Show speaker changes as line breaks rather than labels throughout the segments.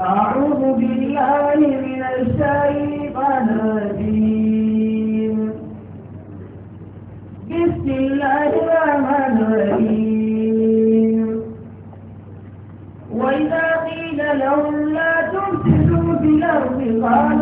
أعوذ بالله من الشيطان الرجيم بسم الله الرحمن الرحيم وإذا قيل لهم لا في الأرض قالوا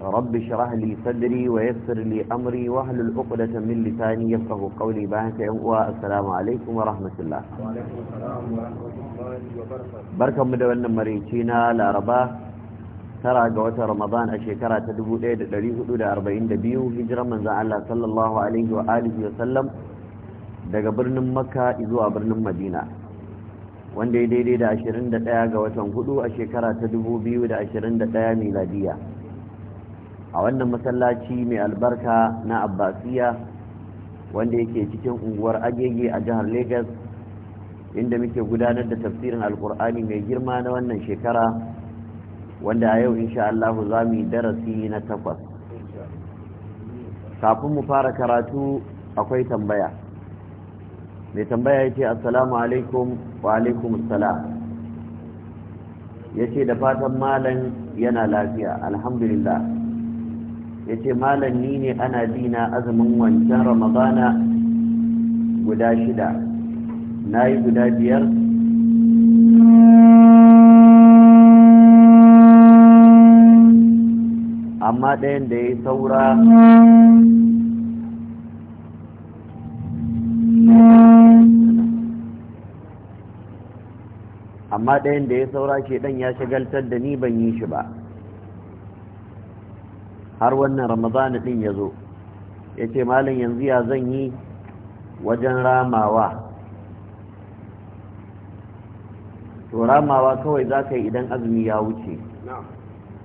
رب شرح لي صدري ويسر لي أمري وهل الأقدة من لساني يفقه قولي بانك والسلام عليكم ورحمة الله
وعليكم السلام ورحمة الله وبركاته بركة
مدونا مريتينا لأربا ترى قوة رمضان أشيكرا تدبو إيد لليه أولى أربعين دبيو هجرة من ذا الله صلى الله عليه وآله وسلم daga birnin makka zuwa birnin madina wanda ya daidai da 21 ga watan hudu a shekara ta 2021 miladiya a wannan masallaci mai albarka na abbasiya wanda yake cikin unguwar agege a jihar lagos inda muke gudanar da tafsirin alkur'ani mai girma na wannan shekara wanda a yau insha Allah za mu yi darasi na takwas kafin mu fara karatu akwai tambaya mai tambaya ya ce assalamu alaikum wa alaikum salam ya ce da fatan malam yana lafiya alhamdulillah ya ce malam ni ne ana dina azumin wancan ramadana
guda shida na yi guda biyar amma
ɗayan da ya saura amma ɗayan da ya saura ke ɗan ya shigaltar, da ni ban yi shi ba har wannan ramadana din ya zo ya ce malin yanzu ya zan yi wajen ramawa to ramawa kawai za ka yi idan azumi ya wuce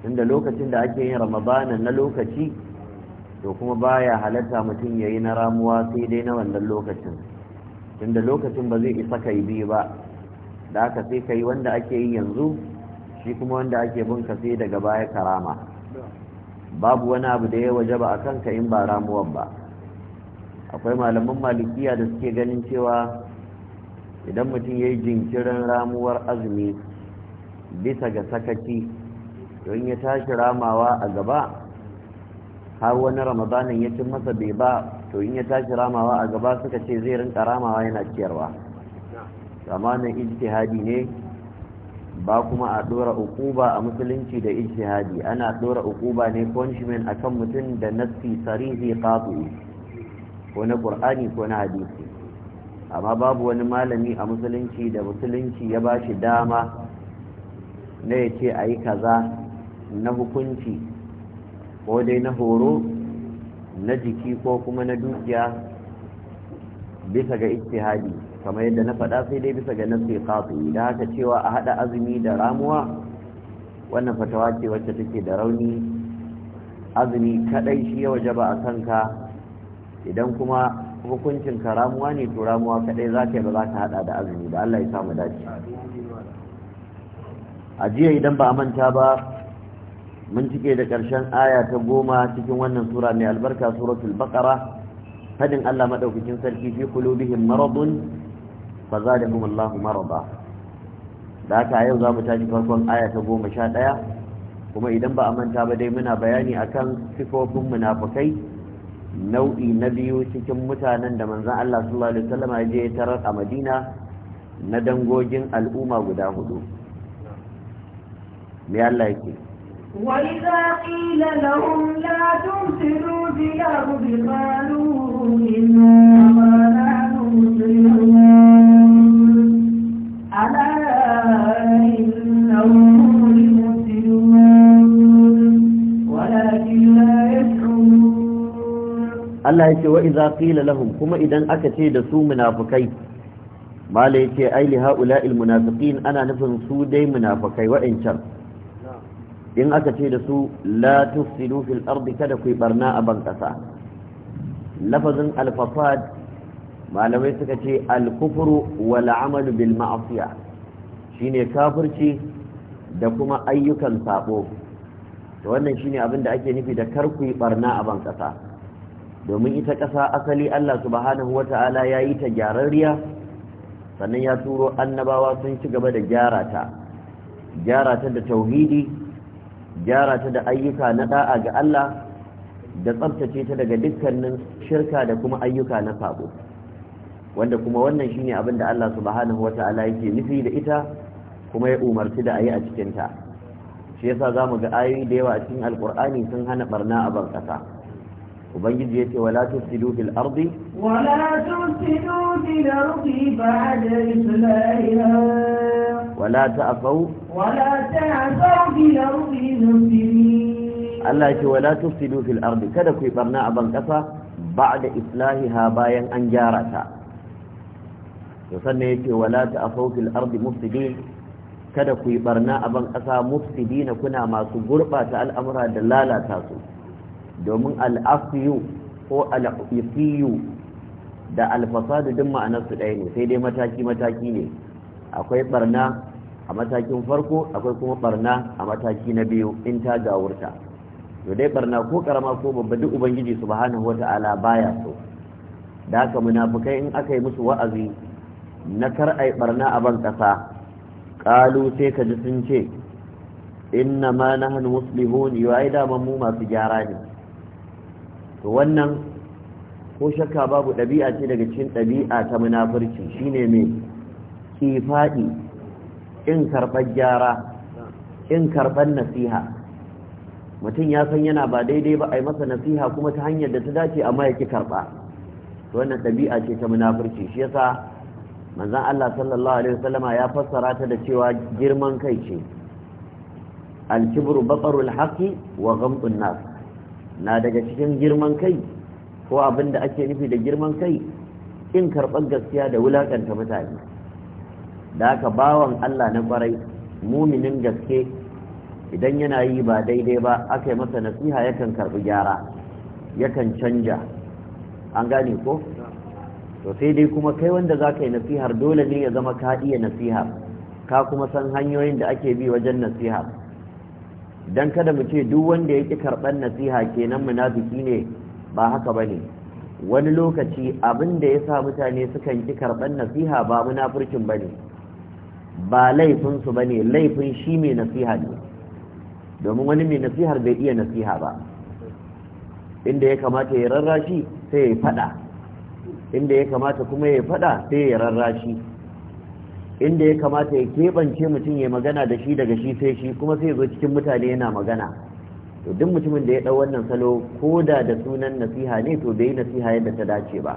inda lokacin da ake yin ramadana na lokaci to kuma baya halatta mutum ya yi na ramuwa sai dai na wannan lokacin tunda lokacin ba zai isa ka yi biyu ba da aka sai ka yi wanda ake yi yanzu shi kuma wanda ake bin sai daga baya karama babu wani abu da ya waje ba a kanka in ba ramuwan ba akwai malaman malikiya da suke ganin cewa idan mutum ya yi jinkirin ramuwar azumi bisa ga sakaci don ya tashi ramawa a gaba har wani ramadanin ya cin masa bai ba to in ya tashi ramawa a gaba suka ce zai rinka ramawa yana ciyarwa zamanin ijtihadi ne ba kuma a dora ukuba a musulunci da ijtihadi ana dora ukuba ne punishment akan mutum da nassi sarihi qati ko na qur'ani ko na hadisi amma babu wani malami a musulunci da musulunci ya bashi dama na ya ayi kaza na hukunci ko dai na horo na jiki ko kuma na dukiya bisa ga ijtihadi kamar yadda na faɗa sai dai bisa ga nasi qati da haka cewa a haɗa azumi da ramuwa wannan fatawa ce wacce take da rauni azumi kaɗai shi ya waje ba a kanka idan kuma hukuncin ka ramuwa ne to ramuwa kaɗai za ka yi ba za ka haɗa da azumi da Allah ya sa mu dace a jiya idan ba a manta ba mun cike da ƙarshen aya ta goma cikin wannan sura mai albarka suratul bakara fadin Allah madaukakin sarki fi qulubihim maradun fa zalikum Allahu marada da haka yau za mu tashi farkon aya ta goma sha ɗaya kuma idan ba a manta ba dai muna bayani akan sifofin munafukai nau'i na biyu cikin mutanen da manzan Allah sallallahu alaihi wasallam ya je tarar a Madina na dangogin al'umma guda hudu me Allah yake
وإذا قيل لهم لا تمسلوا في قالوا إنما
Allah ya ce wa iza qila lahum kuma idan aka ce da su munafikai mala ce ai li haula'il munafiqin ana nufin su dai munafikai wa'ancan in aka ce da su la tufsidu fil ardi kada ku barna a ban kasa lafazin al malamai suka ce al wal amal bil ma'siya shine kafirci da kuma ayyukan sabo to wannan shine abin da ake nufi da kar ku barna a ban kasa domin ita ƙasa asali Allah subhanahu wata'ala ya yi ta gyararriya sannan ya turo annabawa sun ci gaba da gyara ta gyara ta da tauhidi gyara ta da ayyuka na da'a ga Allah da tsabtace ta daga dukkanin shirka da kuma ayyuka na sabo wanda kuma wannan shine abin da Allah subhanahu wata'ala yake nufi da ita kuma ya umarci da a yi a cikin ta shi yasa zamu ga ayoyi da yawa a cikin alqur'ani sun hana barna a ban ƙasa. ubangiji yace wala tusidu fil ardi
wala tusidu fil ardi ba'da islahiha
wala ta'fau
wala ta'fau fil ardi mufsidin
Allah yace wala tusidu fil ardi kada ku barna a ban kasa ba'da islahiha bayan an gyara ta to sannan yace wala ta'fau fil ardi mufsidin kada ku barna aban ban kasa mufsidin kuna masu gurbata al'amura da lalata su domin al'afiyu ko al'afiyu da alfasadu duk ma'anarsu ɗaya ne sai dai mataki-mataki ne akwai barna a matakin farko akwai kuma barna a mataki na biyu in ta gawurta to dai barna ko karama ko babba duk ubangiji ba wata'ala baya so da haka munafukai in aka yi musu wa'azi na kar yi barna a ban kasa kalu sai ka ji sun ce inna ma na musulmi yau ai mu masu gyara ne to wannan ko shakka babu ɗabi'a ce daga cikin ɗabi'a ta munafurci shine mai kifaɗi in karɓar gyara in karɓar nasiha mutum ya san yana ba daidai ba a yi masa nasiha kuma ta hanyar da ta dace amma ya ki karɓa to wannan ɗabi'a ce ta munafurci shi yasa manzon Allah sallallahu alaihi wasallama ya fassara ta da cewa girman kai ce al-kibru baqarul wa ghamtun nas na daga cikin girman kai ko abin da ake nufi da girman kai in karɓar gaskiya da wulaƙanta mutane da haka bawan Allah na ƙwarai muminin gaske idan yana yi ba daidai ba aka yi masa nasiha yakan karɓi gyara yakan canja an gane ko to sai dai kuma kai wanda za ka yi nasihar dole ne ya zama ka iya nasihar ka kuma san hanyoyin da ake bi wajen nasihar dan kada mu ce duk wanda ya yake karɓar nasiha kenan munafiki ne ba haka bane wani lokaci abin da sa mutane sukan ki karban nasiha ba munafircin bane ba laifin su bane laifin shi mai nasiha ne domin wani mai nasihar bai iya nasiha ba inda ya kamata ya rarrashi sai ya fada inda ya kamata kuma ya faɗa sai ya rarrashi inda ya kamata ya keɓance mutum ya magana da shi daga shi sai shi kuma sai zo cikin mutane yana magana to duk mutumin da ya dau wannan salo ko da da sunan nasiha ne to bai nasiha yadda ta dace ba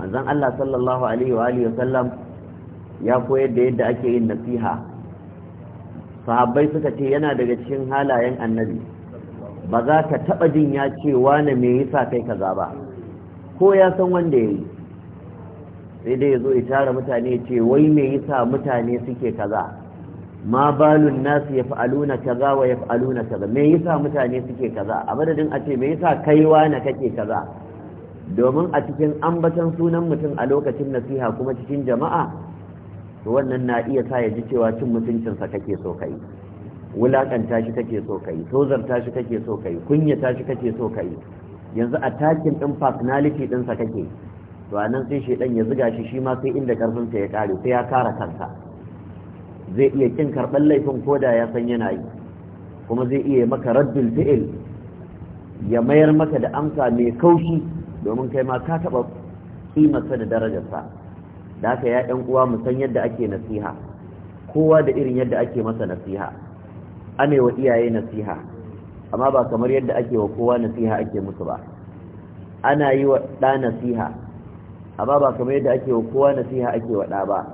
manzon Allah sallallahu alaihi wa alihi wasallam ya koyar da yadda ake yin nasiha sahabbai suka ce yana daga cikin halayen annabi ba za ka taɓa jin ya ce wane me yasa kai kaza ba ko ya san wanda ya yi sai dai ya zo ya tara mutane ya ce wai me yasa mutane suke kaza ma balun nasu ya fa'aluna kaza wa ya fa'aluna kaza me yasa mutane suke kaza a madadin a ce me yasa kaiwa na kake kaza domin a cikin ambatan sunan mutum a lokacin nasiha kuma cikin jama'a to wannan na iya sa ya ji cewa cin mutuncinsa kake so kai wulakanta shi kake so kai tozarta shi kake so kai kunyata shi kake so kai yanzu a takin din personality ɗinsa kake to anan sai dan ya zuga shi shi ma sai inda karfin sa ya kare sai ya kara kansa zai iya kin karban laifin koda ya san yana yi kuma zai iya maka raddul fi'il ya mayar maka da amsa mai kaushi domin kai ma ka taba kimarsa da darajarsa da haka ya ɗan uwa mu san yadda ake nasiha kowa da irin yadda ake masa nasiha ane wa iyaye nasiha amma ba kamar yadda ake wa kowa nasiha ake musu ba ana yi wa ɗa nasiha amma ba kamar yadda ake kowa nasiha ake wa ba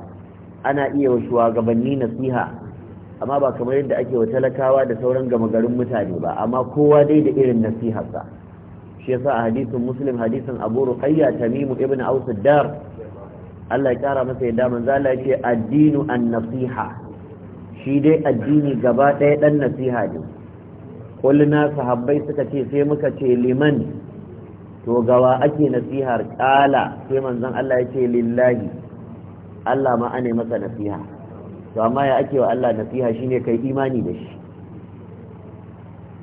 ana iya wa shugabanni nasiha amma ba kamar yadda ake wa talakawa da sauran gama garin mutane ba amma kowa dai da irin nasiharsa shi yasa a hadisin muslim hadisin abu ruqayya tamimu ibn aus dar Allah ya kara masa yadda man zalla yake addinu an-nasiha shi dai addini gaba ɗaya ɗan nasiha ne kulluna sahabbai suka ce sai muka ce liman to gawa ake nasihar kala sai manzon Allah ya ce lillahi Allah ma ane masa nasiha to amma ya ake wa Allah nasiha shine kai imani da shi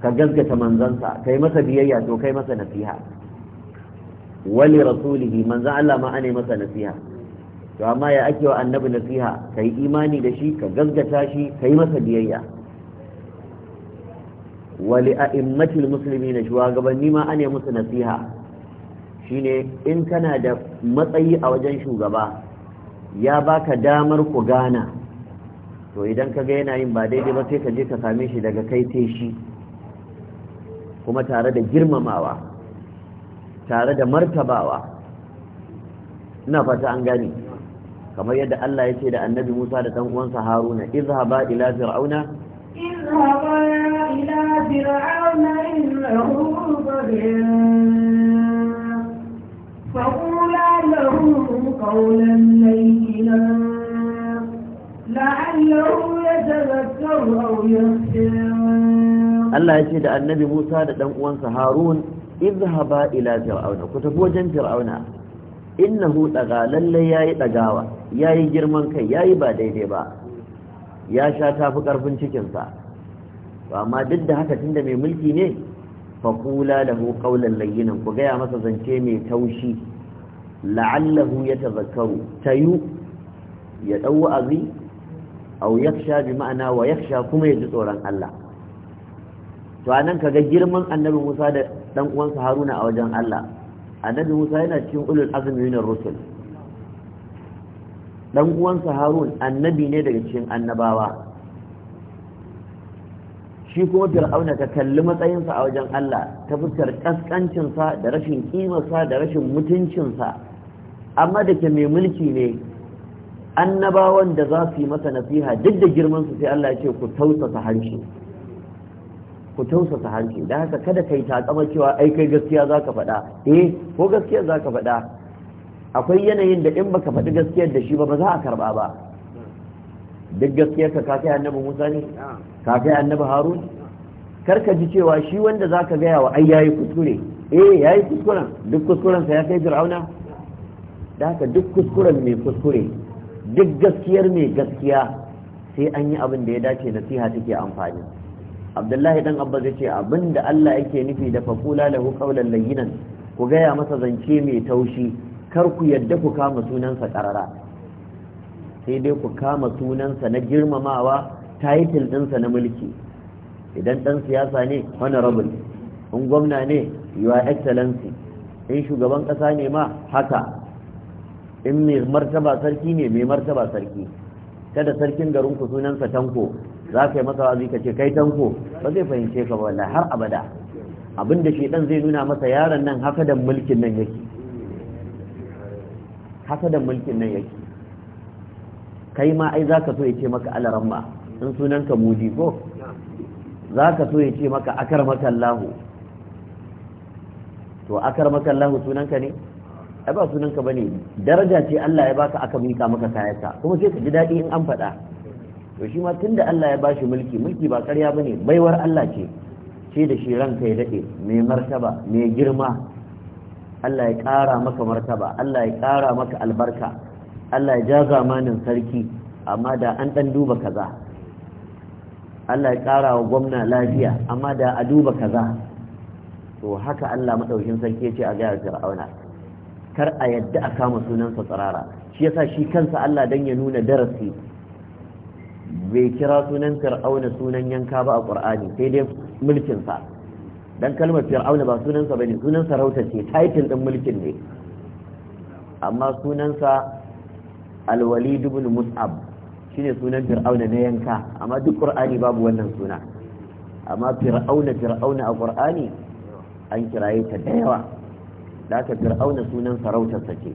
ka gaskata manzansa kai masa biyayya to kai masa nasiha wali rasulihi manzan Allah ma ane masa nasiha to amma ya ake wa annabi nasiha kai imani da shi ka gaskata shi kai masa biyayya wali a'immatil muslimin shugabanni ma ane musu nasiha shine in kana da matsayi a wajen shugaba ya baka damar ku gana to idan kaga yana yin ba daidai ba sai ka je ka same shi daga kai te shi kuma tare da girmamawa tare da martabawa ina fata an gani kamar yadda Allah ya ce da annabi Musa da ɗan uwansa Haruna izhaba ila fir'auna
izhaba ila fir'auna innahu فقولا له قولا لينا لعله يتذكر يخشى
Allah ya ce da annabi Musa da ɗan uwansa Harun izhaba ila fir'auna ku tafi wajen fir'auna innahu daga lalle yayi dagawa yayi girman kai yayi ba daidai ba ya sha tafi ƙarfin cikinsa. sa amma duk da haka tunda mai mulki ne faƙula da hu ƙaunar layinan ku gaya masa zance mai taushi la'allahu ya tazakaru ta yi ya ɗau wa'azi au yaksha bi ma'ana wa ya yaksha kuma ya ji tsoron Allah to anan kaga girman annabi Musa da ɗan uwansa Haruna a wajen Allah annabi Musa yana cikin ulul azmi minar rusul Ɗan uwansa Harun annabi ne daga cikin annabawa shi kuma fir'auna ka kalli matsayinsa a wajen Allah ta fuskar kaskancinsa da rashin kimarsa da rashin mutuncinsa amma da ke mai mulki ne annabawan da za su yi masa nasiha duk da girman su sai Allah ya ce ku tausasa harshe ku tausasa harshe da haka kada kai takama cewa ai kai gaskiya za ka faɗa eh ko gaskiya ka faɗa akwai yanayin da in ba ka faɗi gaskiyar da shi ba ba za a karɓa ba duk gaskiyar ka ka kai annabi Musa ne ka ga annabi harun karka ji cewa shi wanda za ka gaya wa ai yayi yi kuskure eh ya yi kuskuren duk kuskurensa ya kai fir'auna da haka duk kuskuren mai kuskure duk gaskiyar mai gaskiya sai an yi abin da ya dace nasiha take amfani abdullahi dan abba zai ce abin da allah yake nufi da fakula lahu qawlan layyinan ku gaya masa zance mai taushi kar ku yadda ku kama sunansa karara sai dai ku kama sunansa na girmamawa title ɗinsa na mulki idan ɗan siyasa ne honorable in gwamna ne your excellency in shugaban ƙasa ne ma haka in mai martaba sarki ne mai martaba sarki kada sarkin garin sunan sunansa tanko za ka yi masa wazi ka ce kai tanko ba zai fahimce ka ba har abada abin da shedan zai nuna masa yaron nan hasadan mulkin nan yake hasadan mulkin nan yake kai ma ai zaka so ya ce maka alaramma in sunan ka mudi ko za ka so ya ce maka akar makallahu to akar makallahu sunan ka ne ai ba sunan ka bane daraja ce Allah ya baka aka mika maka kayanka kuma sai ka ji daɗi in an faɗa to shi ma tunda Allah ya ba shi mulki mulki ba ƙarya bane baiwar Allah ce ce da shi ranka ya daɗe mai martaba mai girma Allah ya ƙara maka martaba Allah ya kara maka albarka Allah ya ja zamanin sarki amma da an ɗan duba kaza Allah ya ƙara wa gwamna lafiya amma da a duba kaza to haka Allah maɗaukin sarki ce a gaya fir'auna kar a yadda a kama sunansa tsirara shi yasa shi kansa Allah dan ya nuna darasi bai kira sunan fir'auna sunan yanka ba a ƙur'ani sai dai mulkinsa dan kalmar fir'auna ba sunansa bane sunan sarauta ce title din mulkin ne amma sunansa alwalid ibn mus'ab shine sunan fir'auna na yanka amma duk qur'ani babu wannan suna amma fir'auna fir'auna a qur'ani an kiraye ta da yawa da ka fir'auna sunan sarautar sa ce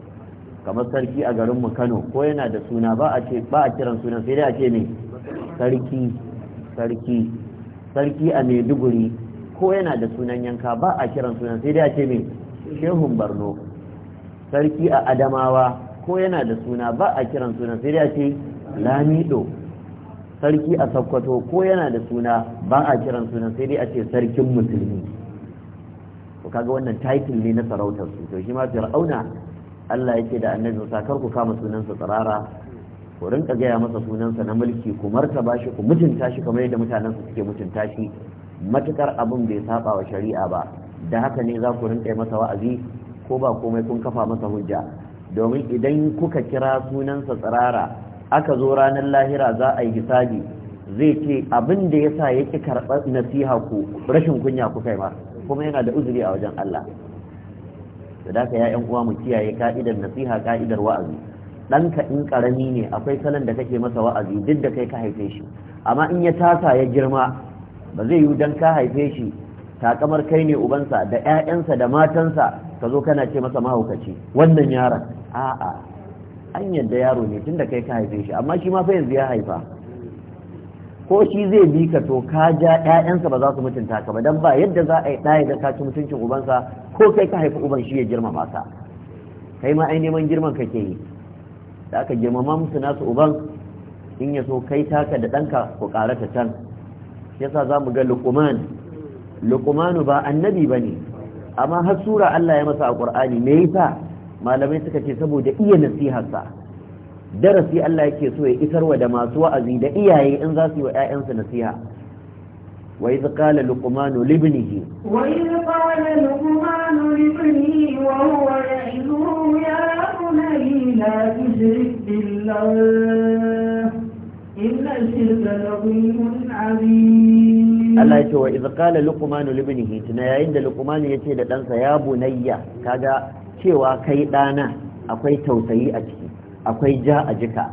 kamar sarki a garin mu Kano ko yana da suna ba a ce ba a kiran sunan sai dai a ce me sarki sarki sarki a Maiduguri ko yana da sunan yanka ba a kiran sunan sai dai a ce me shehun Barno sarki a Adamawa ko yana da suna ba a kiran sunan sai dai a ce lamido sarki a sakkwato ko yana da suna ba a kiran sunan sai dai a ce sarkin musulmi ko kaga wannan title ne na sarautar su to shi ma fir'auna Allah yake da annabi Musa kar ku kama sunansa tsarara ku rinka gaya masa sunansa na mulki ku martaba shi ku mutunta shi kamar yadda mutanen su suke mutunta shi matukar abun bai saba wa shari'a ba da haka ne za ku rinka masa wa'azi ko ba komai kun kafa masa hujja domin idan kuka kira sunansa tsirara aka zo ranar lahira za a yi hisabi zai ce abin da ya sa yake karɓar nasiha ku rashin kunya ku kai ma kuma yana da uzuri a wajen Allah da daga ya uwa mu kiyaye ka'idar nasiha ka'idar wa'azi ɗanka in ƙarami ne akwai salon da kake masa wa'azi duk da kai ka haife shi amma in ya tasa ya girma ba zai yi don ka haife shi takamar kai ne ubansa da 'ya'yansa da matansa ka zo kana ce masa mahaukaci wannan yaron a'a an yadda yaro ne tun da kai ka haife shi amma shi ma fa yanzu ya haifa ko shi zai bi ka to ka ja ƴaƴansa ba za su mutunta ka ba dan ba yadda za a yi ɗaya da ka ci mutuncin ubansa ko kai ka haifi uban shi ya girmama ka kai ma ai neman girman kake yi da aka girmama musu nasu uban in ya so kai taka da ɗanka ku ƙarata can yasa za mu ga luqman luqmanu ba annabi bane amma har sura Allah ya masa a Qur'ani me yasa malamai suka ce saboda iya nasiharsa darasi Allah yake so ya isarwa da masu wa'azi da iyaye in za su yi wa 'ya'yansu nasiha وإذ قال لقمان لابنه
وإذ قال لقمان لابنه وهو يعظه يا بني لا تشرك بالله إن الشرك لظيم عظيم Allah
ya ce wa iz qala luqmanu tuna yayin da luqman ya ce da ɗansa ya bunayya kaga cewa kai ɗana akwai tausayi a ciki akwai ja a jika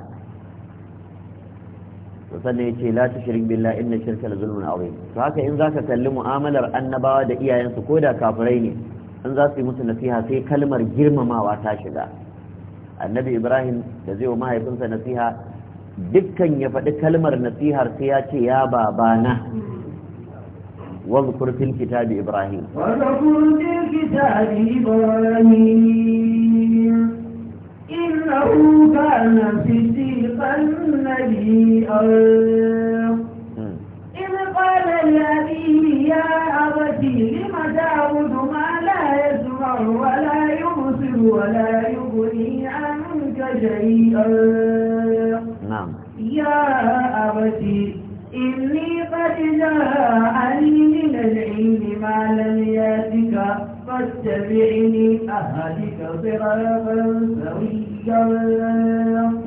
sannan ya ce la shirin billah inna shirka la zulmun azim to haka in zaka kalli mu'amalar annabawa da iyayensu ko da kafirai ne in za su yi musu nasiha sai kalmar girmamawa ta shiga annabi ibrahim da zai wa mahaifinsa nasiha dukkan ya faɗi kalmar nasihar sai ya ce ya babana واذكر في الكتاب إبراهيم
واذكر
في الكتاب إبراهيم إنه كان صديقا نبيئا إذ قال لأبيه يا أبتي لم تعبد ما لا يسمع ولا يبصر ولا يغني عنك شيئا نعم يا أبتي إني قد جاءني من العلم ما لم يأتك فاتبعني أهلك صراطا سويا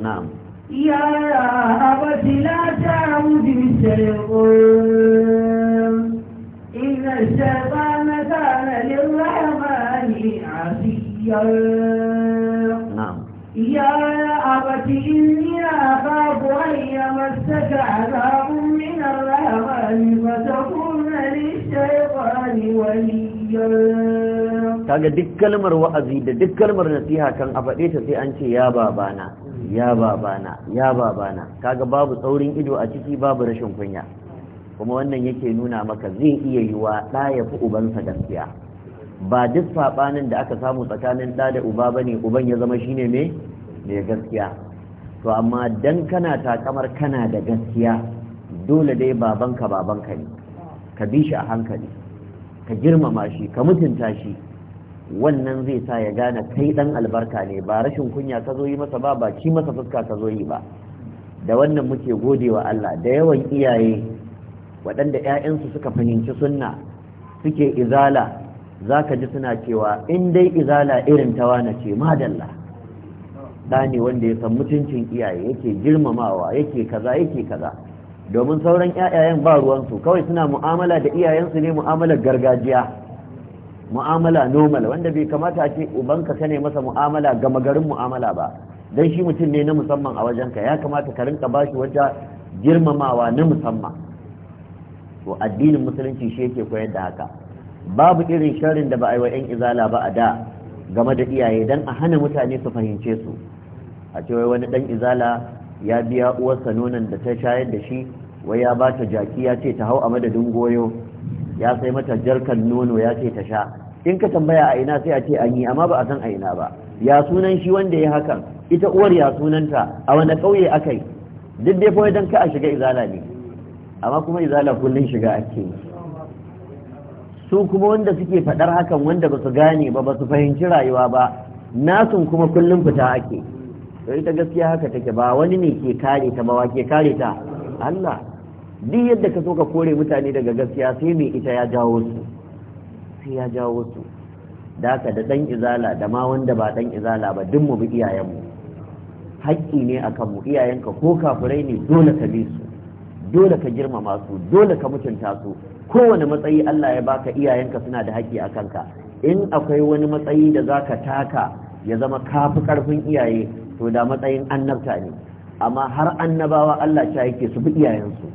نعم يا أبت لا تعود بالشيطان إن الشيطان كان للرحمن عزيا يا أبت إني أخاف أن يمسك عذاب من الرحمن فتكون للشيطان وليا
kaga duk kalmar wa'azi da duk kalmar nasiha kan a faɗe ta sai an ce ya babana ya babana ya babana kaga babu tsaurin ido a ciki babu rashin kunya kuma wannan yake nuna maka zai iya yiwa ɗa ya fi ubansa gaskiya ba duk saɓanin da aka samu tsakanin ɗa da uba bane uban ya zama shine me? mai gaskiya to amma dan kana takamar kana da gaskiya dole dai babanka babanka ne ka bi shi a hankali ka girmama shi ka mutunta shi wannan zai sa ya gane kai dan albarka ne ba rashin kunya ka zo yi masa ba ba ci masa fuska ka zo yi ba da wannan muke gode wa Allah da yawan iyaye waɗanda 'ya'yansu suka fahimci sunna suke izala za ka ji suna cewa in dai izala irin ta wane ce madalla da ne wanda ya san mutuncin iyaye yake girmamawa yake kaza yake kaza domin sauran 'ya'yayen ba ruwansu kawai suna mu'amala da iyayensu ne mu'amalar gargajiya mu'amala normal wanda bai kamata a ce ubanka ka ne masa mu'amala gama garin mu'amala ba don shi mutum ne na musamman a wajenka ya kamata ka rinka ba bashi wata girmamawa na musamman to addinin musulunci shi yake koyar da haka babu irin sharin da ba a yi wa 'yan izala ba a da game da iyaye don a hana mutane su fahimce su a cewa wani 'dan izala ya biya uwarsa nonon da ta shayar da shi wai ya ba ta jaki ya ce ta hau a madadin goyo ya sai mata jarkan nono ya ce ta sha in ka tambaya a ina sai a ce an yi amma ba a san a ina ba ya sunan shi wanda ya hakan ita uwar ya sunanta a wani ƙauye aka yi duk dai fa dan ka a shiga izala ne amma kuma izala kullun shiga ake yi su kuma wanda suke faɗar hakan wanda ba su gane ba ba su fahimci rayuwa ba nasun kuma kullum fita ake to ita gaskiya haka take ba wani ne ke kare ta ba wa ke kare ta Allah duk yadda ka so ka kore mutane daga gaskiya sai mai ita ya jawo su sai ya jawo su da ka da dan izala da ma wanda ba dan izala ba duk mu bi iyayenmu haƙƙi ne akan mu iyayenka ko kafurai ne dole ka bi su dole ka girmama su dole ka mutunta su kowane matsayi Allah ya baka iyayenka suna da haƙƙi a kanka in akwai wani matsayi da zaka taka ya zama kafi karfin iyaye to da matsayin annabta ne amma har annabawa Allah ta yake su bi iyayensu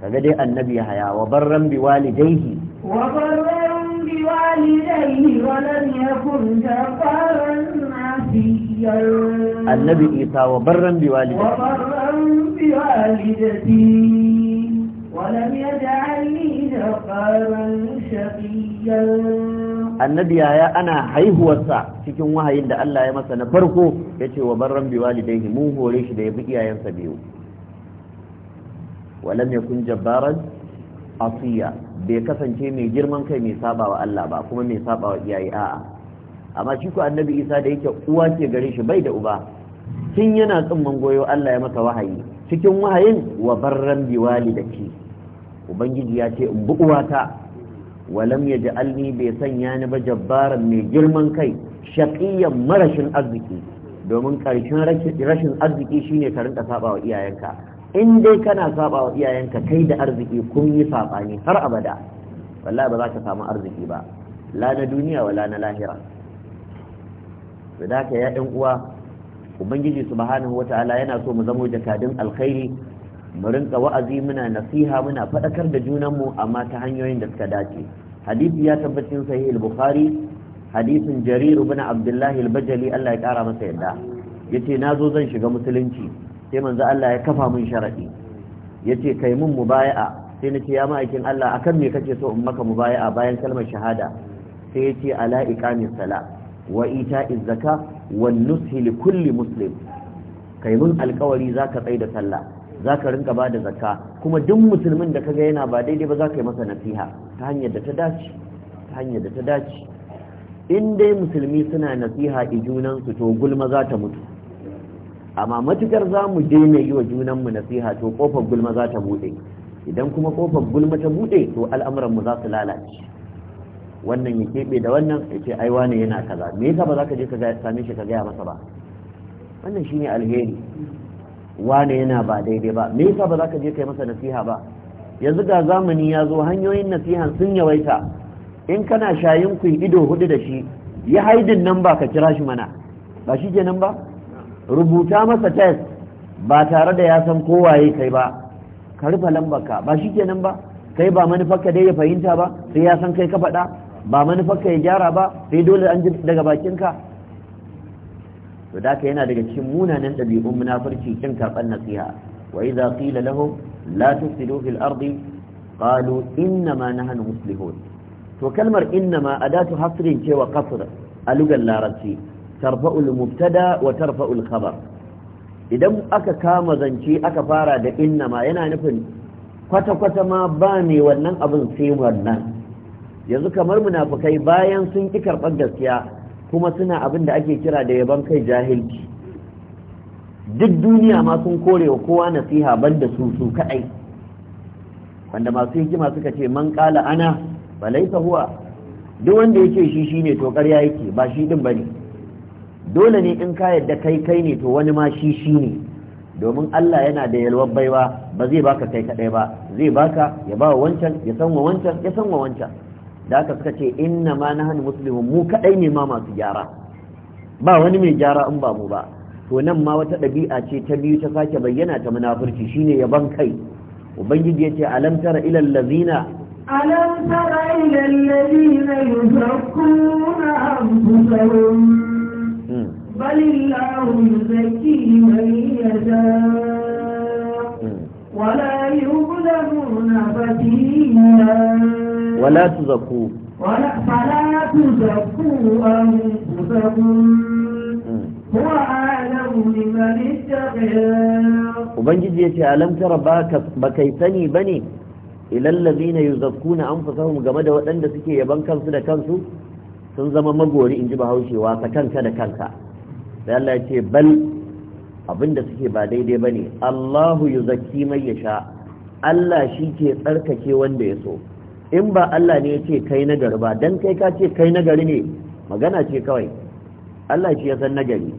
kaga dai annabi haya wa barran bi walidayhi
wa barran bi walidayhi wa lam yakun jabaran annabi
isa wa barran bi walidayhi wa
barran bi walidayhi wa lam yaj'al
annabi yaya ana haihuwarsa cikin wahayin da Allah ya masa na farko ya ce wa barran bi walidaihi mun hore shi da ya bi iyayensa biyu walam yakun jabbaran asiya bai kasance mai girman kai mai saba wa Allah ba kuma mai saba wa iyaye a'a amma shi ko annabi Isa da yake uwa ke gare shi bai da uba tun yana tsumman goyo Allah ya masa wahayi cikin wahayin wa barran bi walidaihi ubangiji ya ce in bi uwata walam bai sanya ni ba jabbaran mai girman kai shaqiyan marashin arziki domin ƙarshen rashin arziki shine ka rinka saba wa iyayenka in dai kana saba wa iyayenka kai da arziki kun yi sabani har abada wallahi ba za ka samu arziki ba la na duniya wala na lahira da haka ya ɗan uwa ubangiji subhanahu wata'ala yana so mu zamo jakadun alkhairi mu rinka wa'azi muna nasiha muna faɗakar da junanmu amma ta hanyoyin da suka dace hadisi ya tabbacin sahih al-bukhari hadisin jarir ibn Abdullahi al-bajali Allah ya kara masa yadda yace nazo zan shiga musulunci sai manzo Allah ya kafa min sharadi yace kai mun mubaya'a sai nace ya ma'aikin Allah akan me kake so in maka mubaya'a bayan kalmar shahada sai yace ala iqamis sala wa ita'iz zakat wan nushi li kulli muslim kai mun alkawari zaka tsai da sallah za ka rinka ba da zakka kuma duk musulmin da kaga yana ba daidai ba za ka yi masa nasiha ta hanyar da ta dace ta hanyar da ta dace in dai musulmi suna nasiha i junansu to gulma za ta mutu amma matukar za mu daina yi wa junan mu nasiha to kofar gulma za ta buɗe idan kuma kofar gulma ta buɗe to al'amuranmu za su lalace wannan ya keɓe da wannan ya ce ai wane yana kaza me yasa ba za ka je ka same shi ka gaya masa ba wannan shine alheri wane yana ba daidai ba me yasa ba za ka je kai masa nasiha ba yanzu ga zamani ya zo hanyoyin nasihan sun yawaita in kana shayin ku ido hudu da shi ya haidin nan ba ka kira shi mana ba shi kenan ba rubuta masa test ba tare da ya san kowaye kai ba ka rufe lambarka ba shi kenan ba kai ba manufarka dai ya fahimta ba sai ya san kai ka faɗa ba manufarka ya gyara ba sai dole an ji daga bakinka to da ka yana daga cikin munanan ɗabi'un munafurci kin karɓar nasiha wa idza qila lahum la tufsidu fil ardi qalu inna ma nahnu muslihun to kalmar inna ma adatu hasrin ce wa qasr a larabci tarfa'ul mubtada wa tarfa'ul khabar idan aka kama zance aka fara da inna ma yana nufin kwata-kwata ma ba ne wannan abin sai wannan yanzu kamar munafukai bayan sun ki karɓar gaskiya kuma suna abin da ake kira da yaban kai jahilci duk duniya ma sun kore wa kowa nasiha banda su su kaɗai wanda masu hikima suka ce man kala ana balaisa huwa duk wanda yake shi shi shine to ƙarya yake ba shi din ne. dole ne in ka yadda kai kai ne to wani ma shi shi ne. domin Allah yana da yalwar baiwa ba zai baka kai kaɗai ba zai baka ya ba wancan ya san wa wancan ya san wa wancan da aka suka ce inna ma nahnu muslimun mu kadai ne ma masu gyara ba wani mai gyara in ba mu ba to nan ma wata ɗabi'a ce ta biyu ta sake bayyana ta munafurci shine yaban kai ubangiji yace alam tara ila allazina
alam tara ila allazina yuzakkuna anfusahum hmm. bal illahu yuzakki man yashaa ولا يظلمون فتيلا
ولا تزكوا
ولا فلا تزكوا أنفسكم هو أعلم بمن اتقى
وبنجي يا ألم ترى بكيتني بني ilallazina yuzakkuna anfusahum game da waɗanda suke yaban kansu da kansu sun zama magori inji bahaushewa ka kanka da kanka sai Allah bal abinda suke ba daidai ba ne allahu yi zaki mai ya sha allah shi ke tsarkake wanda ya so in ba allah ne ya ce kai nagari ba don kai ka ce kai nagari ne magana ce kawai allah shi ya san nagari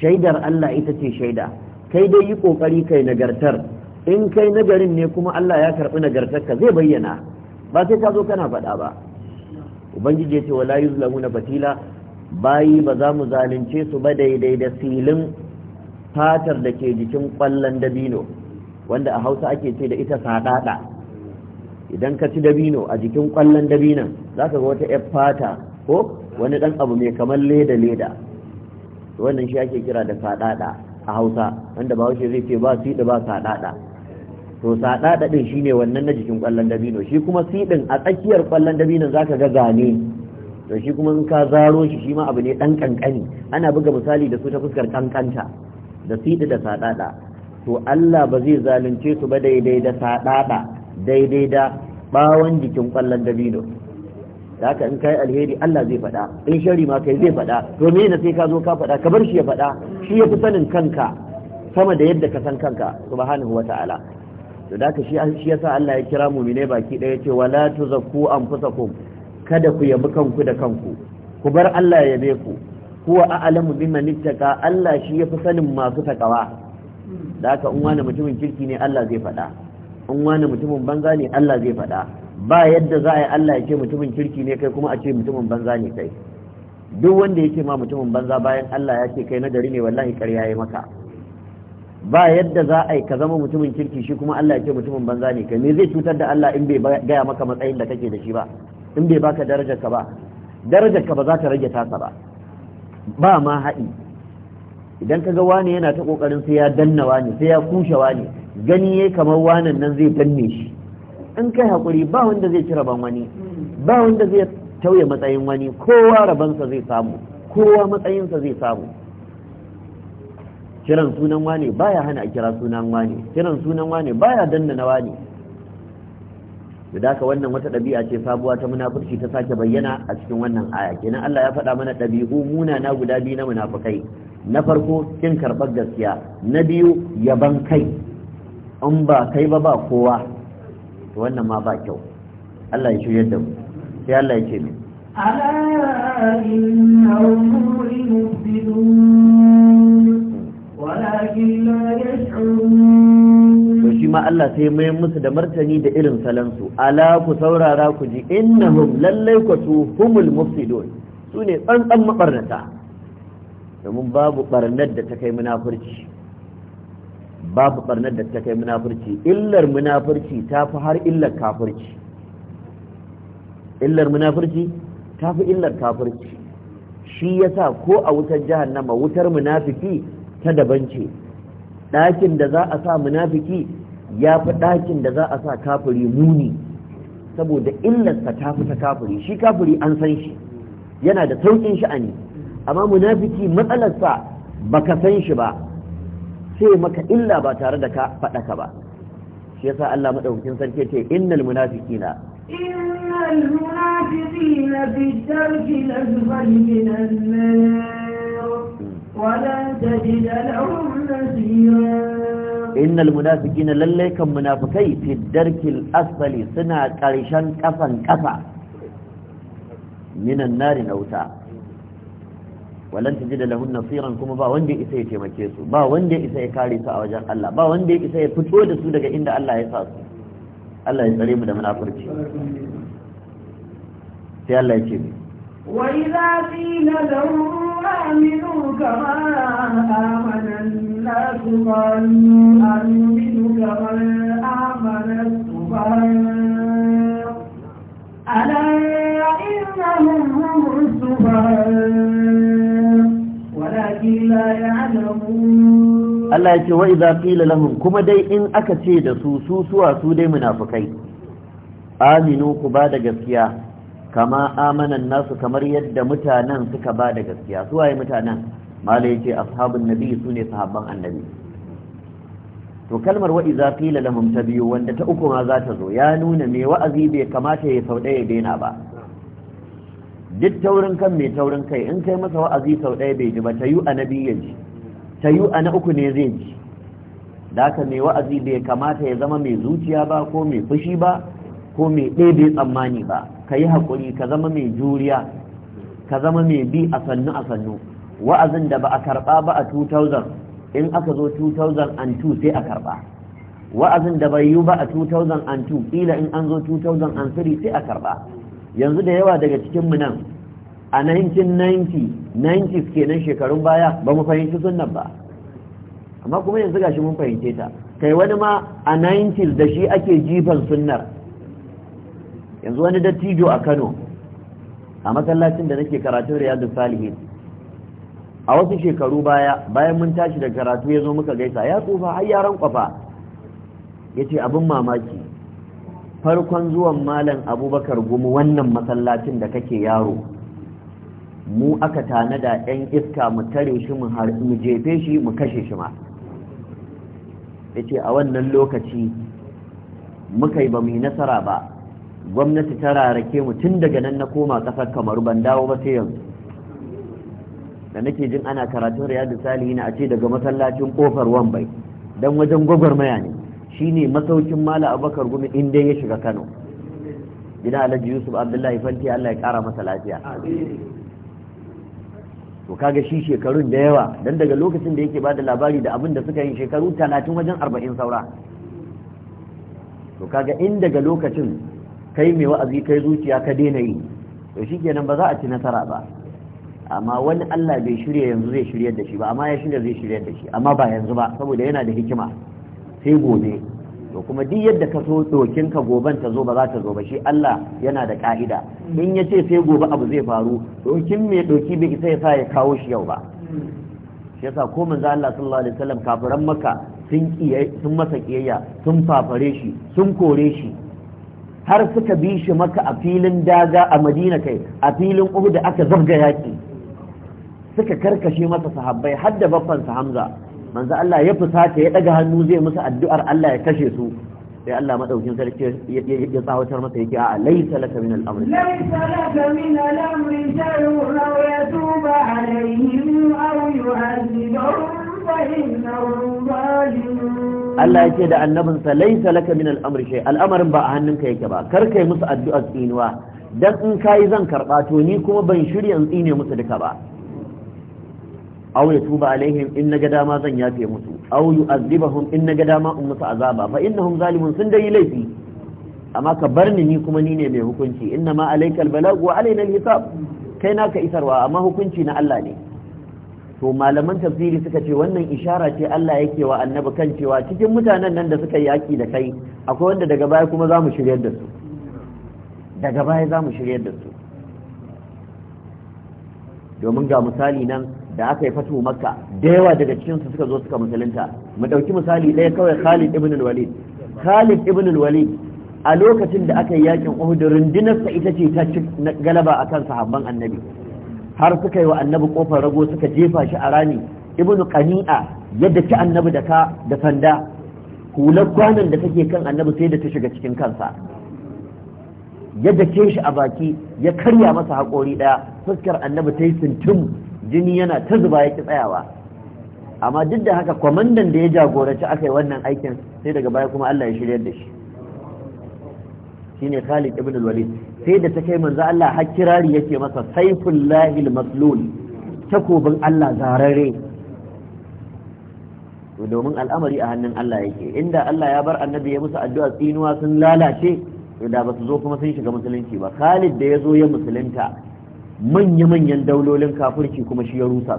shaidar allah ita ce shaida kai dai yi kokari kai nagartar in kai nagarin ne kuma allah ya karbi ka zai bayyana ba sai ka zo kana faɗa ba ubangiji ya ce wala na fatila. bayi ba za mu zalunce su ba daidai da silin fatar da ke jikin ƙwallon dabino wanda a hausa ake ce da ita saɗaɗa idan ka ci dabino a jikin ƙwallon dabinan za ka ga wata 'yar fata ko wani ɗan abu mai kamar leda-leda wannan shi ake kira da saɗaɗa a hausa wanda ba haushe zai ce ba su ba saɗaɗa to saɗaɗa ɗin ne wannan na jikin ƙwallon dabino shi kuma siɗin a tsakiyar ƙwallon dabinon za ka ga zane to shi kuma in ka zaro shi shi ma abu ne ɗan ƙanƙani ana buga misali da su ta fuskar ƙanƙanta da siɗi da saɗaɗa to Allah ba zai zalunce su ba daidai da saɗaɗa daidai da ɓawon jikin ƙwallon dabino da haka in kai alheri Allah zai faɗa in shari ma kai zai faɗa to me na sai ka zo ka faɗa ka bar shi ya faɗa shi ya fi sanin kanka sama da yadda ka san kanka subhanahu wa ta'ala to da haka shi shi yasa Allah ya kira mu'mine baki ɗaya ce wala tuzakku anfusakum kada ku yabi kanku da kanku ku bar Allah ya yabe ku huwa a'lamu biman ittaqa Allah shi yafi sanin masu takawa da haka in wani mutumin kirki ne Allah zai faɗa in wani mutumin banza ne Allah zai faɗa ba yadda za a yi Allah ya ce mutumin kirki ne kai kuma a ce mutumin banza ne kai duk wanda ya ce ma mutumin banza bayan Allah ya ce kai na gari ne wallahi ƙarya ya maka ba yadda za a yi ka zama mutumin kirki shi kuma Allah ya ce mutumin banza ne kai me zai cutar da Allah in bai gaya maka matsayin da kake da shi ba in bai baka darajar ka ba darajar ka ba za ta rage tasa ba ba ma haɗi idan ka ga wani yana ta ƙoƙarin sai ya danna wani, sai ya kushe wani. gani yayi kamar wanan nan zai danne shi in kai haƙuri ba wanda zai ci ban wani ba wanda zai tauye matsayin wani kowa rabansa zai samu kowa matsayinsa zai samu kiran sunan wani baya hana a kira sunan wani. kiran sunan wani baya danna na wani. da haka wannan wata ɗabi'a ce sabuwa ta munafurci ta sake bayyana a cikin wannan aya kenan Allah ya faɗa mana ɗabi'u munana guda biyu na munafukai na farko kin karɓar gaskiya na biyu yaban kai in ba kai ba ba kowa to wannan ma ba kyau Allah ya shiryar da mu sai Allah ya ce mu ala shi ma Allah sai mai musu da martani da irin salansu ala ku saurara ku ji innahum lallai ku su humul mufsidun su ne tsantsan mabarnata domin babu barnar da ta kai munafurci babu barnar da ta kai munafurci illar munafurci ta fi har illar kafirci illar munafurci ta fi illar kafirci shi yasa ko a wutar jahannama wutar munafiki ta daban ce ɗakin da za a sa munafiki ya fi ɗakin da za a sa kafiri muni saboda illarsa ta fi ta kafiri shi kafiri an san shi yana da sauƙin sha'ani amma munafiki matsalarsa ba ka san shi ba sai maka illa ba tare da ka ka ba shi yasa Allah madaukakin sarki ce innal na
innal munafiqina fi darki na asfali ولن تجد لهم نسيرا
إن المنافقين لليك منافقي في الدرك الأسفل سنة كارشان كفا كفا من النار نوتا ولن تجد لهم نصيرا كما با وندي إسا يتمكيسو با وندي إسا يكاريسو أوجان الله با وندي إسا يفتوه دسو دك إن الله يساسو الله يسليم دا منافرك سيالله يتمكيسو
وإذا قيل لهم آمنوا كما آمن الناس قالوا آمن كما آمن السفهاء ألا إنهم هم السفهاء ولكن لا يعلمون
Allah ya ce wa iza qila lahum kuma dai in aka ce da su su suwa su dai munafikai aminu ku ba da gaskiya kama amanan nasu kamar yadda mutanen suka ba da gaskiya su waye mutanen mala yace ashabun nabi su ne sahabban annabi to kalmar wa iza qila lahum tabiyu wanda ta uku ma za ta zo ya nuna me wa'azi bai kamata ya sau ya daina ba duk taurin kan mai taurin kai in kai masa wa'azi sau ɗaya bai ji ba ta yi annabi ya ji ta yi ana uku ne zai ji da haka mai wa'azi bai kamata ya zama mai zuciya ba ko mai fushi ba ko mai ɗaya bai tsammani ba ka yi haƙuri ka zama mai juriya ka zama mai bi a sannu a sannu wa'azin da ba a karɓa ba a 2000 in aka zo 2002 sai a karɓa wa'azin da bai yi ba a 2002 ƙila in an zo 2003 sai a karɓa yanzu da yawa daga cikinmu nan a 1990 90s kenan shekarun baya ba mu fahimci sunan ba amma kuma yanzu gashi mun fahimce ta kai wani ma a 90 da shi ake jifan sunnar yanzu wani dattijo a Kano a masallacin da nake karatu da Riyadu Salihin a wasu shekaru baya bayan mun tashi da karatu ya zo muka gaisa ya tsufa har yaran kwafa yace abin mamaki farkon zuwan malam Abubakar Gumu wannan masallacin da kake yaro mu aka tanada yan iska mu tare shi mu jefe shi mu kashe shi ma yace a wannan lokaci muka yi ba mu yi nasara ba gwamnati ta rarake mu tun daga nan na koma kasar kamaru ban dawo ba sai yanzu da nake jin ana karatun riyadu ne a ce daga masallacin kofar wambai dan wajen gwagwarmaya ne shine masaukin mala abubakar gumi in dai ya shiga kano gida alhaji yusuf abdullahi fanti allah ya kara masa lafiya to kaga shi shekarun da yawa dan daga lokacin da yake bada labari da abin da suka yi shekaru talatin wajen arba'in saura to kaga in daga lokacin kai mai wa'azi kai zuciya ka daina yi to shikenan ba za a ci nasara ba amma wani Allah bai shirya yanzu zai shiryar da shi ba amma ya shirya zai shiryar da shi amma ba yanzu ba saboda yana da hikima sai gobe to kuma duk yadda ka so dokin ka goben ta zo ba za ta zo ba shi Allah yana da ka'ida in ya ce sai gobe abu zai faru dokin mai doki bai isa ya sa ya kawo shi yau ba shi yasa ko manzo Allah sallallahu alaihi wasallam kafiran makka sun sun masa kiyayya sun fafare shi sun kore shi har suka bi shi maka a filin daga a madina kai a filin uhu da aka zabga yaƙi suka karkashe masa sahabbai har da baffansa hamza manzo Allah ya fusata ya daga hannu zai musu addu'ar Allah ya kashe su sai Allah madaukin sarki ya tsawatar masa yake a laisa laka min al-amr
laisa laka min al-amr shay'un aw alaihim aw yu'adhibuhum Allah ya ce
da annabinsa laisa laka min al'amri shay al'amarin ba a hannunka yake ba kar kai musu addu'a tsinuwa dan in kai zan karba to ni kuma ban shirya tsine musu duka ba aw ya tuba alaihim in naga dama zan yafe musu aw yu'adhibahum in naga dama in musu azaba fa innahum zalimun sun dai laifi amma ka bar ni ni kuma ni ne mai hukunci inna ma alaikal balagh wa alaina al kai naka isarwa amma hukunci na Allah ne to malaman tafsiri suka ce wannan ishara ce Allah yake wa annabi kan cewa cikin mutanen nan da suka yaki da kai akwai wanda daga baya kuma za mu shiryar da su daga baya za mu shiryar da su domin ga misali nan da aka yi fatu makka da yawa daga cikin su suka zo suka musulunta mu dauki misali ɗaya kawai Khalid ibn al-Walid Khalid ibn al-Walid a lokacin da aka yi yakin Uhud rundunar sa ita ce ta galaba akan sahabban annabi har suka yi wa annabi kofar rago suka jefa shi a rami ibnu qani'a yadda ci annabi da ka da sanda hular kwanan da take kan annabi sai da ta shiga cikin kansa Yadda dake shi a baki ya karya masa haƙori ɗaya fuskar annabi ta yi sintim jini yana ta zuba ya ki tsayawa amma duk da haka kwamandan da ya jagoranci aka yi wannan aikin sai daga baya kuma Allah ya shiryar da shi shine Khalid ibn al-Walid sai da ta kai manzo Allah har kirari yake masa saifullahi al-maslul takobin Allah zarare domin al'amari a hannun Allah yake inda Allah ya bar annabi ya musu addu'a tsinuwa sun lalace da ba su zo kuma sun shiga musulunci ba Khalid da ya zo ya musulunta manya-manyan daulolin kafirci kuma shi ya rusa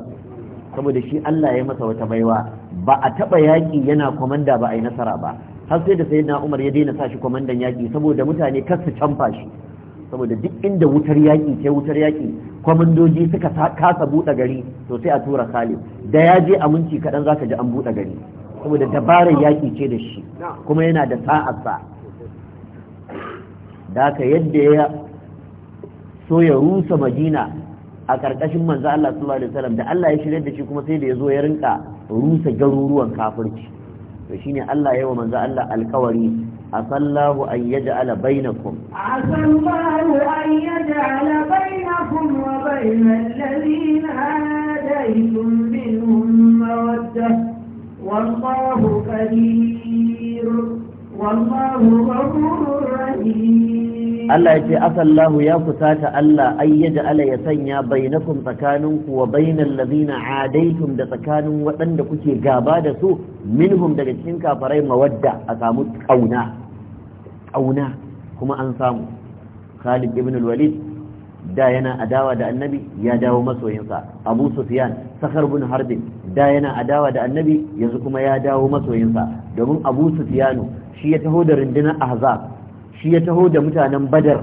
saboda shi Allah ya masa wata baiwa ba a taɓa yaƙi yana kwamanda ba a yi nasara ba har sai da sai na umar ya daina sa shi kwamandan yaƙi saboda mutane kar su canfa shi saboda duk inda wutar yaƙi ce wutar yaƙi kwamandoji suka kasa buɗe gari to sai a tura Salim. da ya je aminci kaɗan za ka ji an buɗe gari saboda dabarar yaƙi ce da shi kuma yana da sa'arsa da haka yadda ya so ya rusa madina a ƙarƙashin manzo Allah sallallahu alaihi wasallam da Allah ya shirya da shi kuma sai da ya zo ya rinka rusa garuruwan kafirci to shine Allah ya yi wa manzo Allah alƙawari عسى الله أن يجعل بينكم
عسى الله أن يجعل بينكم وبين الذين هاديتم منهم مودة والله كبير والله غفور رحيم
Allah ya ce asallahu ya kusata Allah ayyada ala ya sanya bainakum tsakaninku wa bainal ladina adaitum da tsakanin waɗanda kuke gaba da su minhum daga cikin kafarai mawadda a samu kauna kauna kuma an samu Khalid ibn al-Walid da yana adawa da annabi ya dawo masoyinsa Abu Sufyan Sakhar bin Harb da yana adawa da annabi yanzu kuma ya dawo masoyinsa domin Abu Sufyanu shi ya taho da rundunar Ahzab shi ya taho da mutanen badar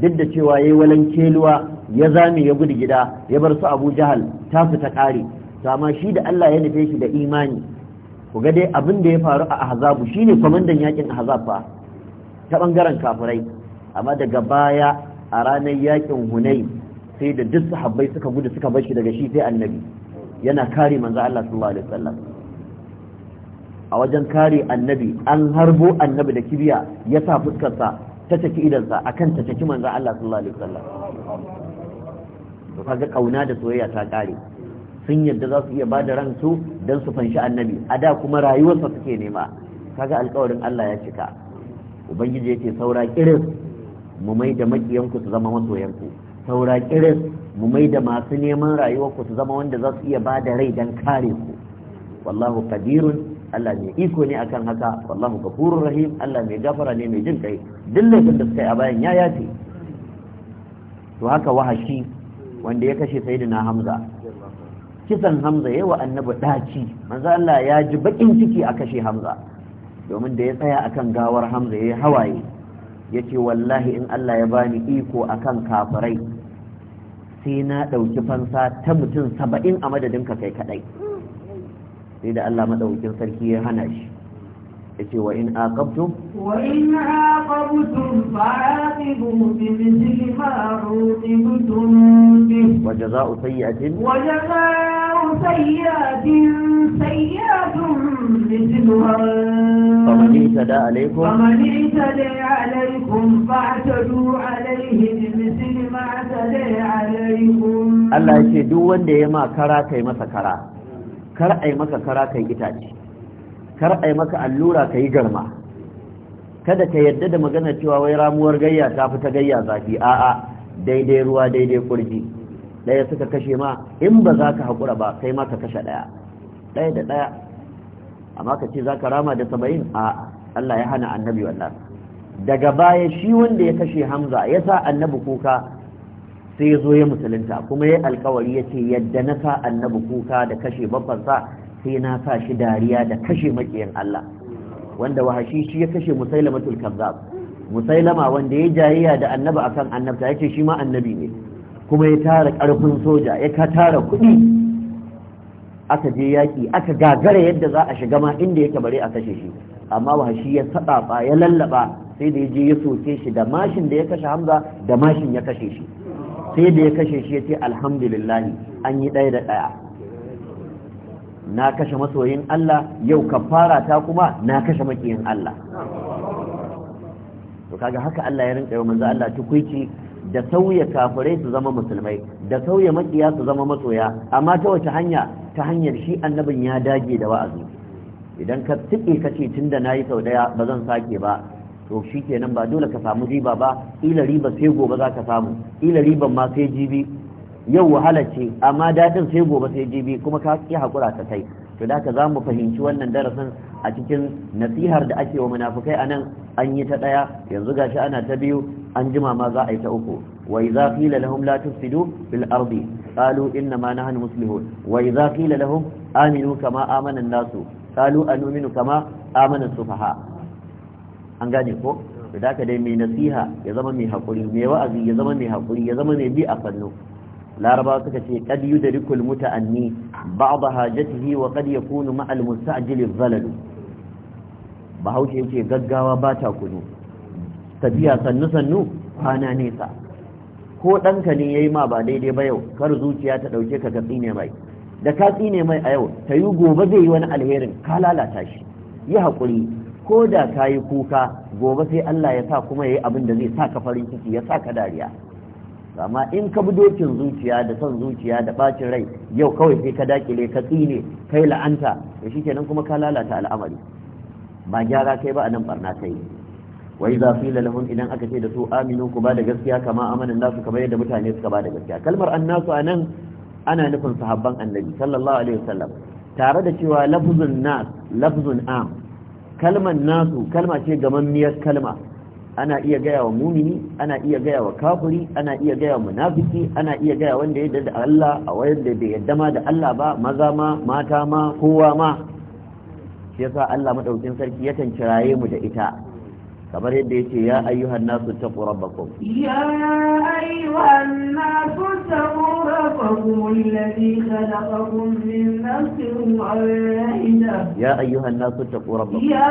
duk da cewa ya yi walan keluwa ya zame ya gudu gida ya bar su abu jahal su ta ƙare amma shi da allah ya nufe shi da imani ku ga dai abin da ya faru a ahzabu shine kwamandan yakin ahzab fa ta bangaren kafirai amma daga baya a ranar yakin hunai sai da duk sahabbai suka gudu suka bar shi daga shi sai annabi yana kare manzo Allah sallallahu alaihi wasallam a wajen kare annabi an harbo annabi da kibiya ya sa fuskarsa ta caki idansa akan ta caki manzan Allah sallallahu alaihi wasallam kauna da soyayya ta kare sun yadda za su iya ba da ransu don su fanshi annabi a da kuma rayuwarsa suke nema kaga alkawarin Allah ya cika ubangiji ce saura kiris mu mai da makiyanku su zama masoyanku saura kiris mu mai da masu neman rayuwarku su zama wanda za su iya ba da rai don kare ku wallahu kadirun Allah mai iko ne akan haka wallahu ghafurur rahim Allah mai gafara ne mai jin kai duk laifin da suka yi a bayan ya yace. to haka wahashi wanda ya kashe sayyidina Hamza kisan Hamza wa annabi daci manzo Allah ya ji bakin ciki a kashe Hamza domin da ya tsaya akan gawar Hamza yayi hawaye yace wallahi in Allah ya bani iko akan kafirai sai na dauki fansa ta mutum 70 a madadin ka kai kadai sai da Allah madaukakin sarki ya hana shi yace wa in aqabtum
wa in aqabtum fa'aqibu bi mithli ma uqibtum bi
wa jazaa'u sayyi'atin wa
jazaa'u sayyi'atin sayyi'atun mithluha
faman ihtada alaykum faman
ihtada alaykum fa'tadu alayhi bi mithli ma ihtada alaykum Allah yace
duk wanda ya ma kara kai masa kara kar a yi maka kara kai itace kar a yi maka allura kai garma kada ka yadda da magana cewa wai ramuwar gayya ta fi ta gayya zafi a'a daidai ruwa daidai kurji ɗaya suka kashe ma in ba za ka haƙura ba kai ma ka kashe ɗaya ɗaya da ɗaya amma ka ce za ka rama da saba'in a Allah ya hana annabi wannan daga baya shi wanda ya kashe hamza ya sa annabi kuka sai ya zo ya musulunta kuma ya alkawari ya ce yadda na sa annabi kuka da kashe babbansa sai na sa shi dariya da kashe makiyan Allah wanda wahashi shi ya kashe musailamatul kazzab musailama wanda ya jayayya da annabi akan annabta yace shi ma annabi ne kuma ya tara karfin soja ya ka tara kuɗi aka je yaki aka gagara yadda za a shiga ma inda yake bare a kashe shi amma wahashi ya saɓaɓa ya lallaɓa, sai da ya je ya soke shi da mashin da ya kashe hamza da mashin ya kashe shi sai da ya kashe shi ya ce alhamdulillahi an yi ɗaya da ɗaya na kashe masoyin Allah yau kafara ta kuma na kashe makiyin Allah to kaga haka Allah ya rinka yau manzo Allah tukuici da sauya kafirai su zama musulmai da sauya makiya su zama masoya amma ta wace hanya ta hanyar shi annabin ya dage da wa'azi idan ka tike kace tunda nayi sau daya ba zan sake ba to shi kenan ba dole ka samu riba ba ila riba sai gobe za ka samu ila riban ma sai jibi yau wahala ce amma daɗin sai gobe sai jibi kuma ka ƙi haƙura ta kai to da ka za mu fahimci wannan darasin a cikin nasihar da ake wa munafukai a nan an yi ta ɗaya yanzu gashi ana ta biyu an jima ma za a yi ta uku wa idza qila lahum la tufsidu fil ardi qalu inna ma nahnu muslihun wa idza qila lahum aminu kama amana an-nasu qalu anu'minu kama amana sufaha an gane ko da haka dai mai nasiha ya zama mai haƙuri mai wa'azi ya zama mai haƙuri ya zama mai bi a fannu laraba suka ce qad yudrikul muta'anni ba'd hajatihi wa qad yakunu ma'al musta'jil zalal bahaushe yake gaggawa ba ta kunu tafiya sannu sannu kwana nesa ko ɗanka ne yayi ma ba daidai ba yau kar zuciya ta ɗauke ka ka tsine mai da ka tsine mai a yau ta yi gobe zai yi wani alherin ka lalata shi yi haƙuri ko da ka yi kuka gobe sai Allah ya sa kuma ya yi abin da zai sa ka farin ciki ya sa ka dariya amma in ka bi dokin zuciya da son zuciya da bacin rai yau kawai sai ka dakile ka tsine kai la'anta da shi kenan kuma ka lalata al'amari ba gyara kai ba a nan barna kai wai za qila lahum idan aka ce da su aminu ku ba da gaskiya kama amanan nasu kamar yadda mutane suka ba da gaskiya kalmar annasu anan ana nufin sahabban annabi sallallahu alaihi wasallam tare da cewa lafzun nas lafzun am kalman nasu kalma ce gamammiyar kalma ana iya gaya wa mumini ana iya gaya wa kafiri ana iya gaya wa munafiki ana iya gaya wanda yadda da Allah a wayar da bai yadda ma da Allah ba maza ma mata ma kowa ma shi yasa Allah madaukin sarki yakan kiraye mu da ita kamar yadda yake ya ayyuhan nasu taqu rabbakum
ya ayyuhan nasu taqu rabbakum alladhi khalaqakum min nafsin wahida ya
ayyuhan nasu taqu rabbakum ya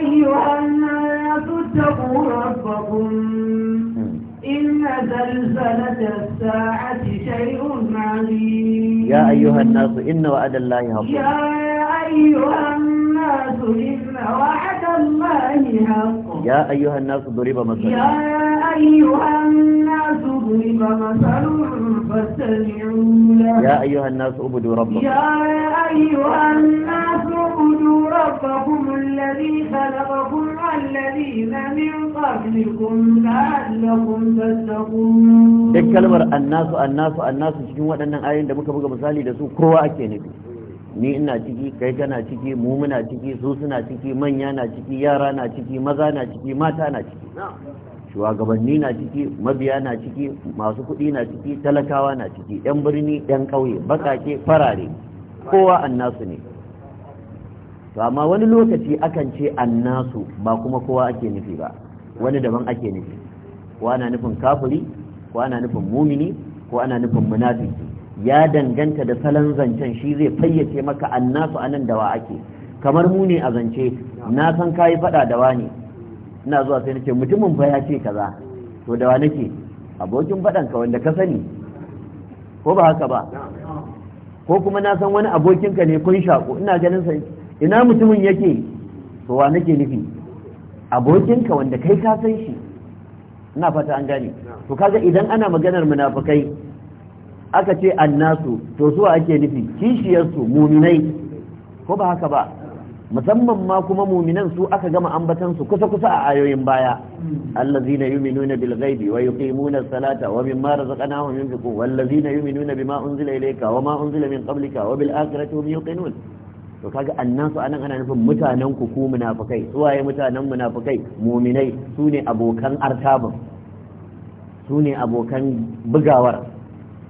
ayyuhan nasu taqu rabbakum inna zalzalata as-sa'ati shay'un عظيم
ya أيها nasu inna wa'ada allahi حق ya
أيها nasu inna wa'ada allahi حق
يا أيها الناس ضرب مثل يا
أيها الناس ضرب مثل فاستمعوا له يا
أيها الناس اعبدوا ربكم يا أيها
الناس اعبدوا ربكم الذي خلقكم والذين من قبلكم لعلكم تتقون دك كلمة
الناس الناس الناس cikin waɗannan ayoyin da muka buga misali da su kowa ake nufi ni ina ciki kai kana ciki mu muna ciki su suna ciki manya na ciki yara na ciki maza na ciki mata na ciki shugabanni na ciki mabiya na ciki masu kuɗi na ciki talakawa na ciki yan birni yan ƙauye bakake farare kowa annasu ne to amma wani lokaci akan ce annasu ba kuma kowa ake nufi ba wani daban ake nufi ko ana nufin kafuri, ko ana nufin mumini ko ana nufin munafiki ya danganta da salon zancen shi zai fayyace maka annasu anan dawa ake kamar mu ne a zance na san kayi fada dawa ne ina zuwa sai nake mutumin fa ya ce kaza to dawa nake abokin fadan ka wanda ka sani ko ba haka ba ko kuma na san wani abokin ka ne kun shako ina ganin sa ina mutumin yake to wa nake nufi abokin ka wanda kai ka san shi ina fata an gane to kaga idan ana maganar munafikai aka ce annasu to su ake nufi kishiyarsu muminai ko ba haka ba musamman ma kuma muminan su aka gama ambatan su kusa kusa a ayoyin baya allazina yu'minuna bil ghaibi wa yuqimuna as-salata wa mimma razaqnahum yunfiqun wallazina yu'minuna bima unzila ilayka wa ma unzila min qablika wa bil akhirati hum yuqinun to kaga annan su anan ana nufin mutanen ku ku munafikai suwaye mutanen munafikai muminai sune abokan artabin sune abokan bugawar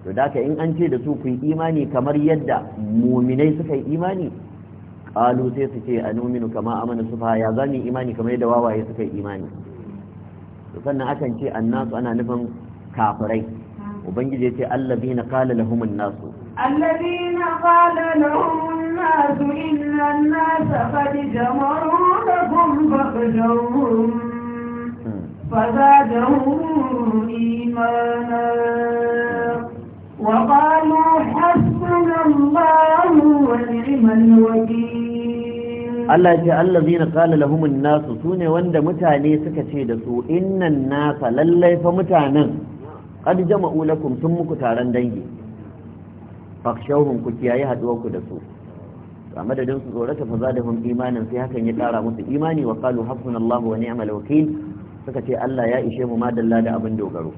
to da in an ce da su ku yi imani kamar yadda muminai suka yi imani ƙalu sai su ce nominu kama amana sufa ya za zani imani kamar yadda wawaye suka yi imani to sannan akan ce annasu ana nufin kafirai ubangiji ya ce allazina qala lahumun nasu
allazina qala lahumun nasu inna an-nasa qad jama'u lakum fakhshawhum hmm. fazadahum imana وقالوا حسبنا الله ونعم الوكيل
Allah ce Allah zina kala lahumun nasu sune wanda mutane suka ce da su innan nasa lallai fa mutanen kad jama'u lakum muku taron dangi fakshauhun ku kiyaye haduwar ku da su a su tsorata fa zada hum imanin sai hakan ya kara musu imani wa qalu hafsun Allah wa ni'mal Allah ya ishe mu madalla da abin dogaro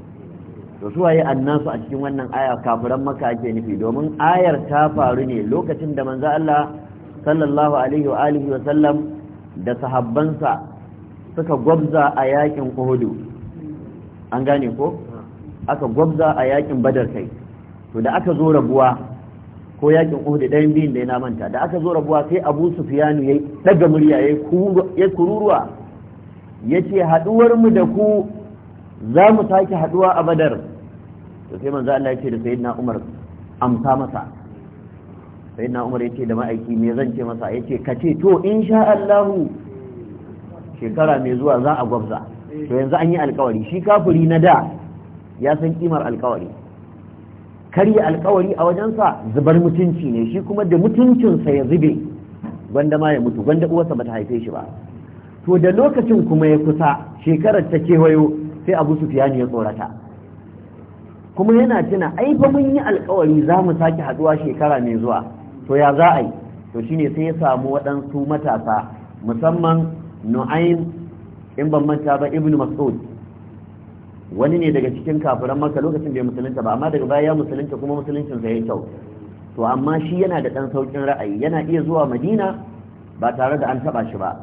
to su waye annasu a cikin wannan aya kafiran maka ake nufi domin ayar ta faru ne lokacin da manzo Allah sallallahu alaihi wa alihi wa sallam da sahabbansa suka gwabza a yakin Uhud an gane ko aka gwabza a yakin Badar kai to da aka zo rabuwa ko yakin Uhud ɗayan biyun da yana manta da aka zo rabuwa sai Abu Sufyan yayi daga murya yayi kururuwa yace haduwar mu da ku za mu sake haduwa a Badar to sai manzo Allah yake da sayyidina Umar amsa masa sayyidina Umar yake da ma'aiki me zan ce masa yake ce ka ce to insha Allah shekara mai zuwa za a gwabza to yanzu an yi alkawari shi kafuri na da ya san kimar alkawari karya alkawari a wajensa zubar mutunci ne shi kuma da mutuncinsa ya zube gwanda ma ya mutu gwanda uwarsa bata haife shi ba to da lokacin kuma ya kusa shekarar ta kewayo sai abu sufiyani ya tsorata kuma yana tuna ai fa mun yi alkawari za mu sake haduwa shekara mai zuwa to ya za a yi to shine sai ya samu waɗansu matasa musamman nu'aim in ban manta ba ibnu mas'ud wani ne daga cikin kafiran maka lokacin bai musulunta ba amma daga baya ya musulunta kuma musuluncin sa ya kyau to amma shi yana da dan saukin ra'ayi yana iya zuwa madina ba tare da an taba shi ba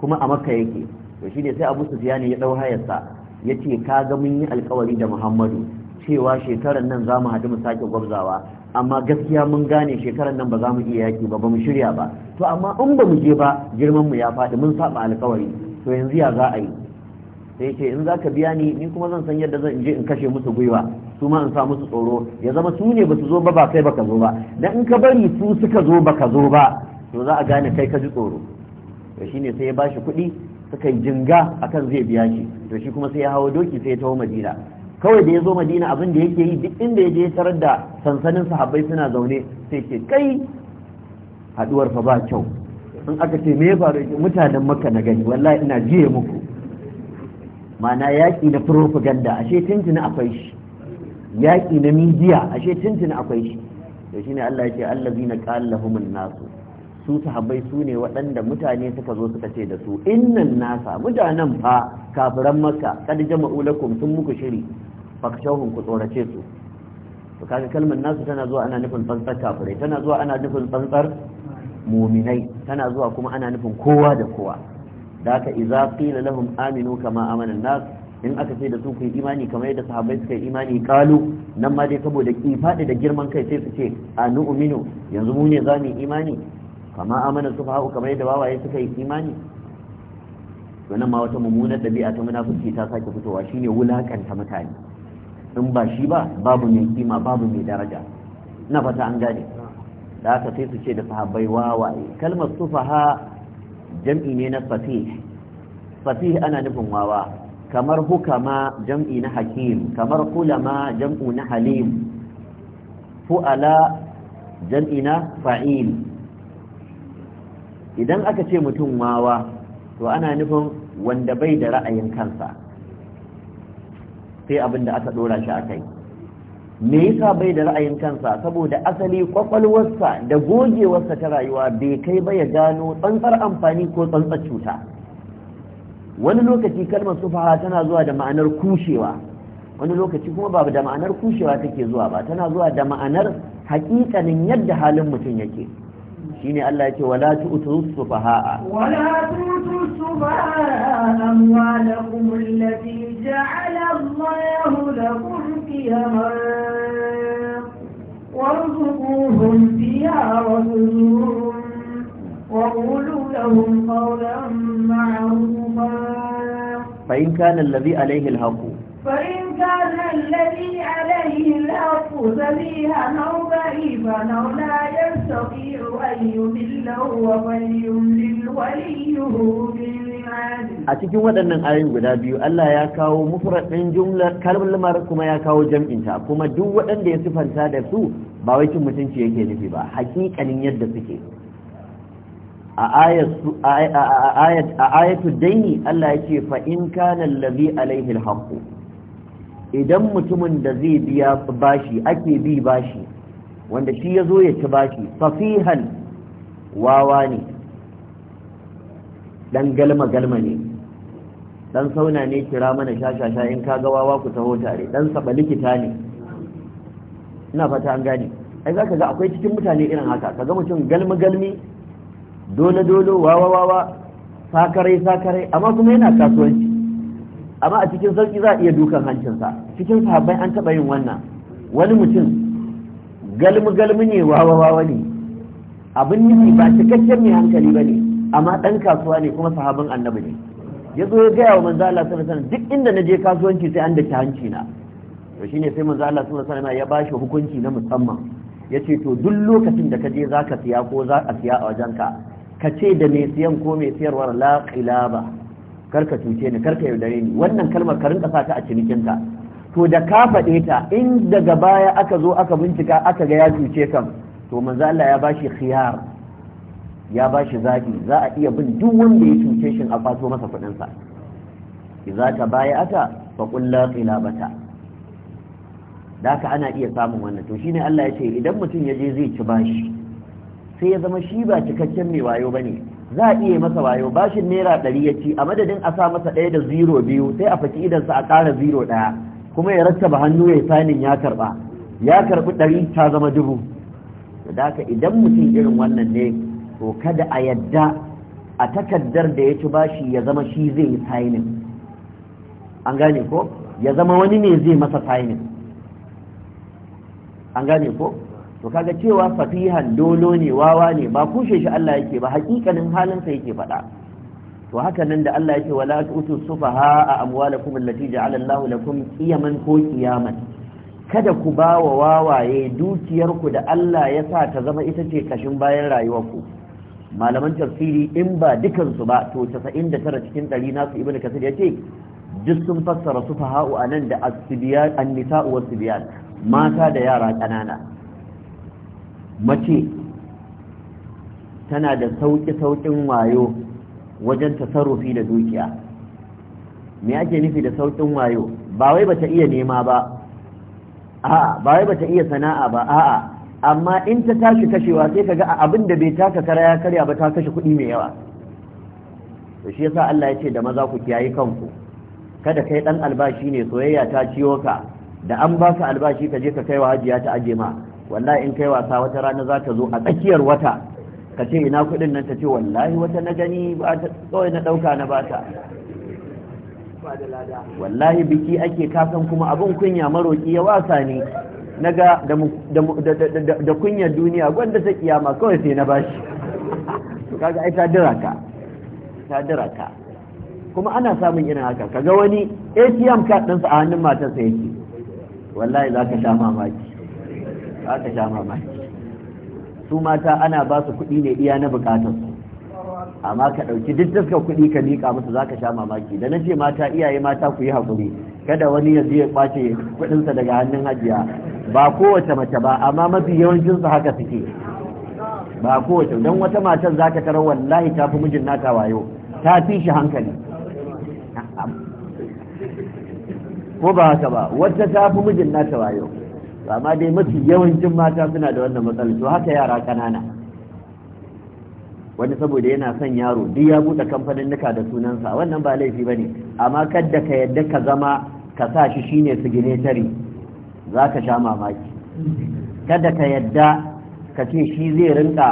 kuma a makka yake to shine sai abu sufyan ya dau hayarsa yace kaga mun yi alkawari da muhammadu cewa shekarar nan za mu haɗu mu sake gwabzawa amma gaskiya mun gane shekarar nan ba za mu iya yaki ba ba mu shirya ba to amma in ba mu je ba girman mu ya faɗi mun saba alkawari to yanzu ya za a yi sai ce in za ka biya ni ni kuma zan san yadda zan je in kashe musu gwiwa su ma in sa musu tsoro ya zama su ne basu zo ba ba kai baka zo ba dan in ka bari su suka zo ba ka zo ba to za a gane kai ka ji tsoro to shine sai ya bashi kuɗi suka yi jinga akan zai biya shi to shi kuma sai ya hawo doki sai ya taho madina kawai da ya zo madina abin da yake yi duk inda ya je ya tarar da sansanin sahabbai suna zaune sai ce kai haduwar fa ba kyau in aka ce me ya faru mutanen makka na gani wallahi ina jiye muku mana yaƙi na propaganda ashe tuntuni akwai shi yaƙi na midiya ashe tuntuni akwai shi to shine Allah ya ce allazina qala nasu su sahabbai su ne waɗanda mutane suka zo suka ce da su innan nasa mutanen fa kafiran maka kad jama'u lakum sun muku shiri fakshauhun ku tsorace su to kaga kalmar nasu tana zuwa ana nufin tsantsar kafirai tana zuwa ana nufin tsantsar muminai tana zuwa kuma ana nufin kowa da kowa da haka idza qila lahum aminu kama amana nas in aka ce da su ku imani kamar yadda sahabbai suka yi imani kalu nan ma dai saboda fadi da girman kai sai su ce a nu'minu yanzu mu ne za mu yi imani kama amana sufaha'u kamar yadda wawaye suka yi imani wannan ma wata mummunar dabi'a ta munafiki ta sake fitowa shine wulakanta mutane in ba shi ba babu mai kima babu mai daraja na fata an gane da aka sai su ce da sahabbai wawaye kalmar sufaha jam'i ne na fatih fatih ana nufin wawa kamar hukama jam'i na hakim kamar kulama jam'u na halim fu'ala jam'i na fa'il idan aka ce mutum wawa to ana nufin wanda bai da ra'ayin kansa sai abin da aka dora shi a kai me yasa bai da ra'ayin kansa saboda asali kwakwalwarsa da gogewarsa ta rayuwa bai kai ba ya gano tsantsar amfani ko tsantsar cuta wani lokaci kalmar sufaha tana zuwa da ma'anar kushewa wani lokaci kuma ba da ma'anar kushewa take zuwa ba tana zuwa da ma'anar haƙiƙanin yadda halin mutum yake shine Allah yake wala tu'tus sufaha'a
wala tu'tus sufaha'a amwalakum allati ja'ala Allahu lakum qiyaman warzuquhum fiha wa quduhum وقولوا لهم قولا
فإن كان الذي عليه الحق
فإن كان الذي عليه الحق سبيها أو ضعيفا أو لا يستطيع أن يمله وفليملل وليه a
cikin waɗannan ayoyin guda biyu Allah ya kawo mufradin jumlar kalmar kuma ya kawo jam'inta kuma duk waɗanda ya sifanta da su ba wai cin mutunci yake nufi ba hakikanin yadda suke a ayatu daini Allah ya ce fa'in kanan labi alaihi haƙo idan mutumin da zai biya bashi ake bi bashi wanda shi ya zo ya ci bashi safihan wawa ne ɗan galma-galma ne ɗan sauna ne kira mana shashasha in kaga wawa ku taho tare ɗan saba likita ne ina fata an gane ai za ka ga akwai cikin mutane irin haka ka ga mutum galmi-galmi dole dole wawa wawa sakare sakare amma kuma yana kasuwanci amma a cikin sauki za a iya dukan hancinsa cikin sahabbai an taɓa yin wannan wani mutum galmi galmi ne wawa wawa ne abin nufi ba cikakken mai hankali ba ne amma ɗan kasuwa ne kuma sahabin annabi ne ya zo ya gaya wa manzo Allah sallallahu alaihi duk inda na je kasuwanci sai an daki hanci na to shine sai manzo Allah sallallahu alaihi ya bashi hukunci na musamman yace to duk lokacin da ka je zaka siya ko za a siya a wajenka ka ce da mai siyan ko mai siyarwar la Kar karka cuce ni ka yaudare ni wannan kalmar ka rinka sa ta a cinikinka to da ka faɗe ta in daga baya aka zo aka bincika aka ga ya cuce kan to manzo Allah ya bashi khiyar ya bashi zabi za a iya bin duk wanda ya cuce shi a faso masa kuɗin sa idza ta bayata fa qul la qilabata ka ana iya samun wannan to shine Allah ya ce idan mutum ya je zai ci bashi sai ya zama shi ba cikakken mai wayo bane za a iya masa wayo bashin naira ɗari ya ci a madadin a sa masa ɗaya da zero biyu sai a faki idansa a ƙara zero ɗaya kuma ya rattaba hannu ya sanin ya karɓa ya karɓi ɗari ta zama dubu da haka idan mutum irin wannan ne to kada a yadda a takaddar da ya ci bashi ya zama shi zai yi sainin an gane ko ya zama wani ne zai masa an gane ko to kaga cewa fatihan dolo ne wawa ne ba kushe shi Allah yake ba hakikanin halinsa yake faɗa to haka nan da Allah yake wala tu'tu sufaha a amwalakum allati ja'ala Allahu lakum qiyaman ko qiyaman kada ku ba wa wawaye dukiyarku da Allah ya sa ta zama ita ce kashin bayan rayuwarku malaman tafsiri in ba dukansu ba to 99 cikin 100 nasu ibnu kasir yace duk sun fassara sufaha'u anan da as-sibyan an-nisa'u was-sibyan mata da yara kanana mace tana da sauƙi-sauƙin wayo wajen tasarrufi da dukiya me ake nufi da sauƙin wayo ba wai bata iya nema ba a'a ba wai bata iya sana'a ba a'a amma in ta tashi kashewa sai ka ga abin da bai taka kara ya karya ba ta kashe kuɗi mai yawa to shi yasa Allah ya ce da maza ku kiyaye kanku kada kai dan albashi ne soyayya ta ciyo ka da an baka albashi ka je ka kaiwa hajiya ta aje ma wallahi in kai wasa wata rana za ta zo a tsakiyar wata ka ce ina kuɗin nan ta ce wallahi wata na gani ba ta kawai na ɗauka na bata wallahi biki ake kasan kuma abin kunya maroki ya wasa ne na ga da kunyar duniya gwanda ta kiyama kawai sai na bashi kaga ai tadira ka tadira ka kuma ana samun irin haka kaga wani ATM card sa a hannun matarsa yake wallahi za ka sha mamaki
aka sha mamaki
su mata ana ba su kuɗi ne iya na su amma ka ɗauki duk taskar kuɗi ka miƙa musu za ka sha mamaki da na ce mata iyaye mata ku yi haƙuri kada wani ya ya ƙwace kuɗinsa daga hannun hajiya ba kowace mace ba amma mafi yawancinsu haka suke ba kowace don wata matan za ka tarar wallahi ta fi mijin nata wayo ta fi shi hankali
ko ba haka ba wata
ta fi mijin nata wayo amma dai mafi yawancin mata suna da wannan matsalar to haka yara kanana wani saboda yana son yaro duk ya buɗe kamfanin nika da sunansa wannan ba laifi bane amma kadda ka yadda ka zama ka sa shi shine tare za ka sha mamaki kada ka yadda ka ce shi zai rinka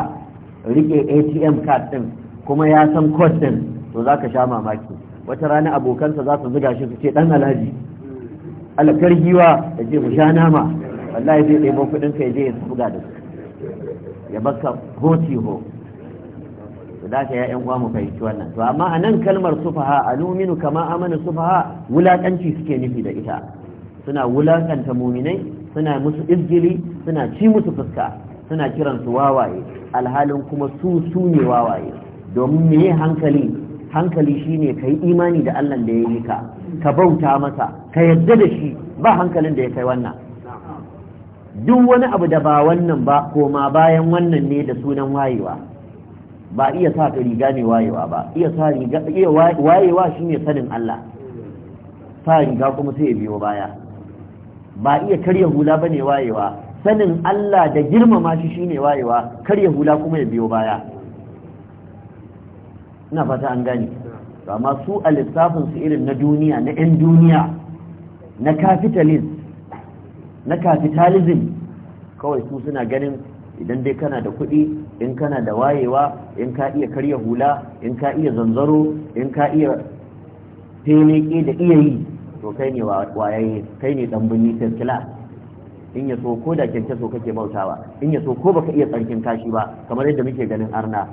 rike atm card din kuma ya san code din to za ka sha mamaki wata rana abokansa za su zuga shi su ce dan alhaji alakar giwa da ce mu sha nama wallahi zai ɗebo kuɗin ka je ya buga da su ya baka hoti ho to da ka ya'yan kwamu fahimci wannan to amma a nan kalmar sufaha aluminu kama amana sufaha wulaƙanci suke nufi da ita suna wulaƙanta muminai suna musu izgili suna ci musu fuska suna kiran su wawaye alhalin kuma su su ne wawaye domin me hankali hankali shine ka imani da allah da ya yi ka ka bauta masa ka yadda da shi ba hankalin da ya kai wannan duk wani abu da ba wannan ba koma bayan wannan ne da sunan wayewa ba iya sa ka riga mai wayewa ba iya sa riga iya wayewa shine sanin Allah sa riga kuma sai ya biyo baya ba iya karya hula bane wayewa sanin Allah da girmama shi shine wayewa karya hula kuma ya biyo baya ina fata an gani amma su a lissafinsu su irin na duniya na 'yan duniya na capitalist na capitalism kawai su suna ganin idan dai kana da kuɗi in kana da wayewa in ka iya karya hula in ka iya zanzaro in ka iya teleke da iya yi to kai ne wayaye kai ne dan in ya so ko da kyanke so kake bautawa in ya so ko baka iya tsarkin kashi ba kamar yadda muke ganin arna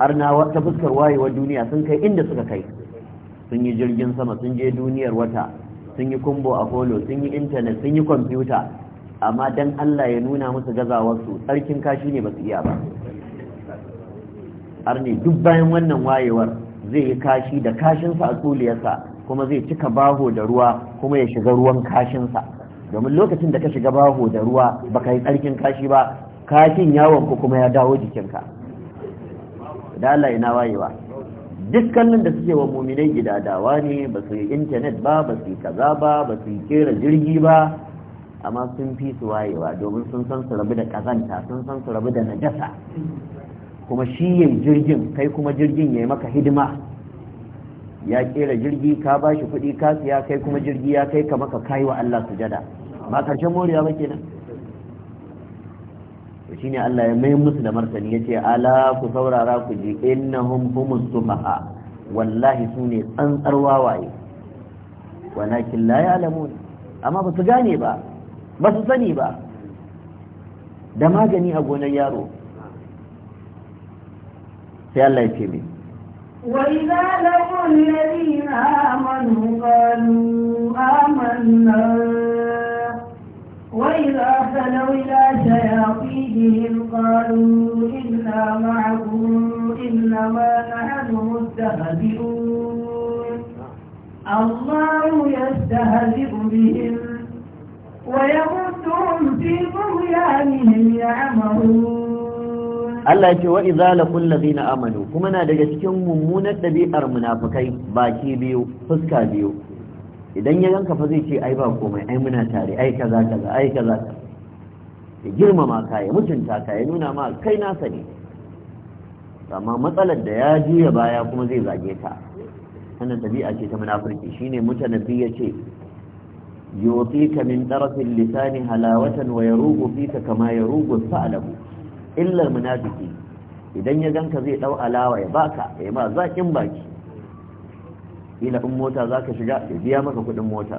arna ta fuskar wayewar duniya sun kai inda suka kai sun yi jirgin sama sun je duniyar wata sun yi kumbo a holo sun yi intanet sun yi kwamfuta amma dan Allah ya nuna musu gazawarsu tsarkin kashi ne ba su iya ba arni duk bayan wannan wayewar zai yi kashi da kashinsa a tsuliyarsa kuma zai cika baho da ruwa kuma ya shiga ruwan kashinsa domin lokacin da ka shiga baho da ruwa baka yi tsarkin kashi ba kashin yawon ku kuma ya dawo jikinka da Allah ina wayewa Dukkanin da suke wa muminai gidadawa ne ba su yi intanet ba ba su yi kaza ba ba su yi kera jirgi ba amma sun fi su wayewa domin sun san su rabu da kazanta sun san su rabu da najasa kuma shi yayi jirgin kai kuma jirgin ya yi maka hidima ya kera jirgi ka ba shi kuɗi ka siya kai kuma jirgi ya kai ka maka kayi wa Allah sujada ba karshen moriya ba kenan to shine Allah ya mai musu da martani yace ala ku saurara ku ji innahum humus sufaha wallahi su ne tsantsar wawaye walakin la ya'lamun amma ba su gane ba ba su sani ba da magani a gonar yaro sai Allah ya ce mai
وإذا لقوا الذين آمنوا قالوا آمنا وإذا خلوا إلى شياطينهم قالوا إنا معكم إنما نحن مستهزئون الله يستهزئ بهم ويمدهم في طغيانهم يعمهون
Allah ce wa idza laqul ladina amanu kuma na daga cikin mummunar dabi'ar munafikai baki biyu fuska biyu idan ya yanka fa zai ce ai ba komai ai muna tare ai kaza kaza ai kaza ya girmama ka ya mutunta ka ya nuna ma kai nasa ne amma matsalar da ya juya baya kuma zai zage ka sannan tabi'a ce ta munafurci shine mutanabbi yace yutika min tarafil lisani halawatan wa yarugu fika kama yarugu sa'labu illa munafiki idan ya ganka zai dau alawa ya baka ya ma zakin baki ila in mota za ka shiga ya biya maka kuɗin mota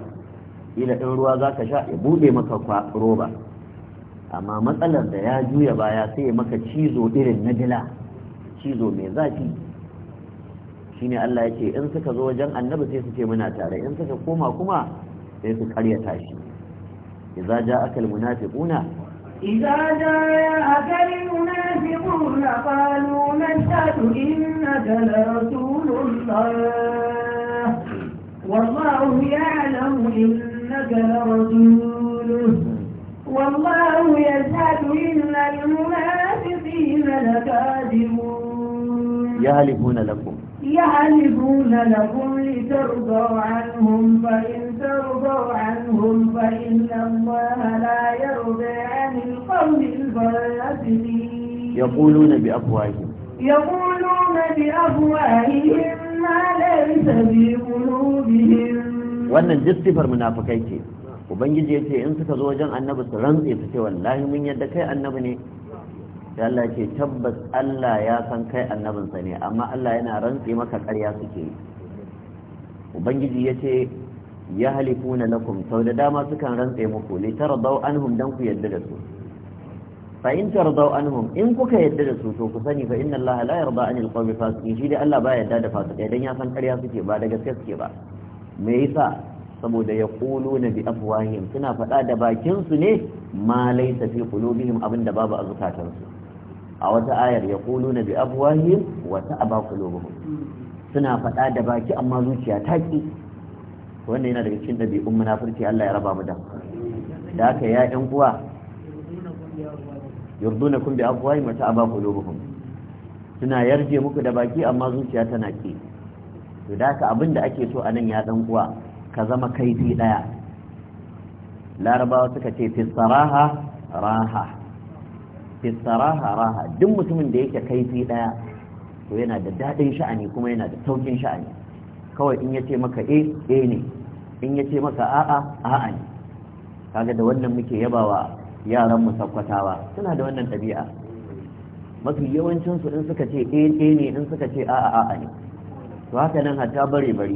ila in ruwa za ka sha ya buɗe maka roba amma matsalar da ya juya baya sai ya maka cizo irin na dila cizo mai zafi shine Allah ya ce in suka zo wajen annabi sai su ce muna tare in suka koma kuma sai su karyata shi idza ja'aka almunafiquna
idza akal munafiquna qalu nashhadu innaka rasulullah والله يعلم إنك لرسوله والله يشهد إن المنافقين لكاذبون
يهلكون لكم
يعرفون لكم لترضوا عنهم فإن ترضوا عنهم فإن الله لا يرضى عن القوم الفاسقين
يقولون بأفواههم
يقولون بأفواههم wannan
sifar munafukai ce ubangiji ya ce in suka zo wajen annabi su rantse su ce wallahi mun yadda kai annabi ne sai Allah ce tabbas Allah ya san kai annabinsa ne amma Allah yana rantse maka ƙarya suke ubangiji ya ce ya halifuna lakum sau da dama sukan rantse muku litara dau anhum dan ku yadda da su fa in tardaw anhum in kuka yadda da su to ku sani fa inna allaha la yarda an qawmi fasiqin shi da Allah ba yadda da fasikai dan ya san ƙarya suke ba da gaske suke ba me yasa saboda ya na bi afwahihim suna faɗa da bakin su ne ma laisa fi qulubihim abinda babu a zukatansu a wata ayar ya na bi afwahihim wa ta'aba qulubuhum suna faɗa da baki amma zuciya ta ki wannan yana daga cikin ɗabi'un munafurci Allah ya raba mu da da haka ya ƴan uwa yurdunakum bi afwahi mata aba qulubuhum suna yarje muku da baki amma zuciya tana ki to da haka abinda ake so anan ya dan uwa ka zama kaifi daya larabawa suka ce fi saraha raha fi saraha raha duk mutumin da yake kaifi daya to yana da dadin sha'ani kuma yana da saukin sha'ani kawai in yace maka eh eh ne in yace maka a'a a'a ne kaga da wannan muke yabawa yaran mu suna da wannan ɗabi'a mafi yawancinsu in suka ce eh, eh ne in suka ce a a ne to haka nan hatta bare bare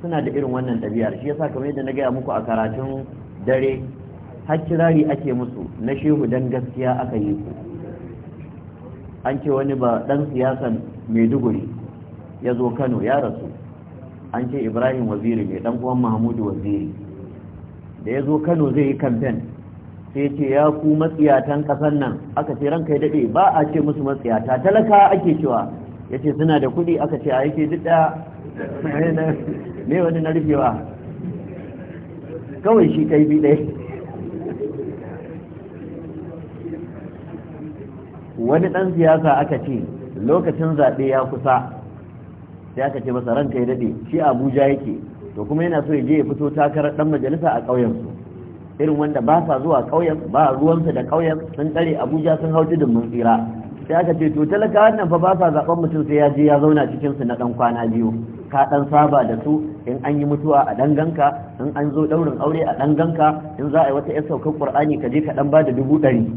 suna da irin wannan ɗabi'ar shi yasa kamar yadda na gaya muku a karatun dare har kirari ake musu na shehu dan gaskiya aka yi su an ce wani ba dan siyasan maiduguri ya zo kano ya rasu an ce ibrahim waziri mai dan uwan mahmudu waziri da ya zo kano zai yi kamfen sai ce ya ku matsiyatan ƙasar nan aka ce ranka ya daɗe ba a ce musu matsiyata talaka ake cewa ya ce suna da kuɗi aka ce a yake duk ɗaya ne wani na rufewa kawai shi kai bi ɗaya wani ɗan siyasa aka ce lokacin zaɓe ya kusa sai aka ce masa ranka ya daɗe shi abuja yake to kuma yana so ya je ya fito takarar ɗan majalisa a ƙauyensu irin wanda ba sa zuwa ƙauyen ba ruwansa da kauyen sun tsare abuja sun hau tudun mun tsira sai aka ce to talaka wannan fa ba sa zaɓen mutum sai ya je ya zauna cikinsu na ɗan kwana biyu ka ɗan saba da su in an yi mutuwa a ɗan ganka in an zo daurin aure a ɗan ganka in za a yi wata 'yar saukar ƙur'ani ka je ka ɗan ba da dubu ɗari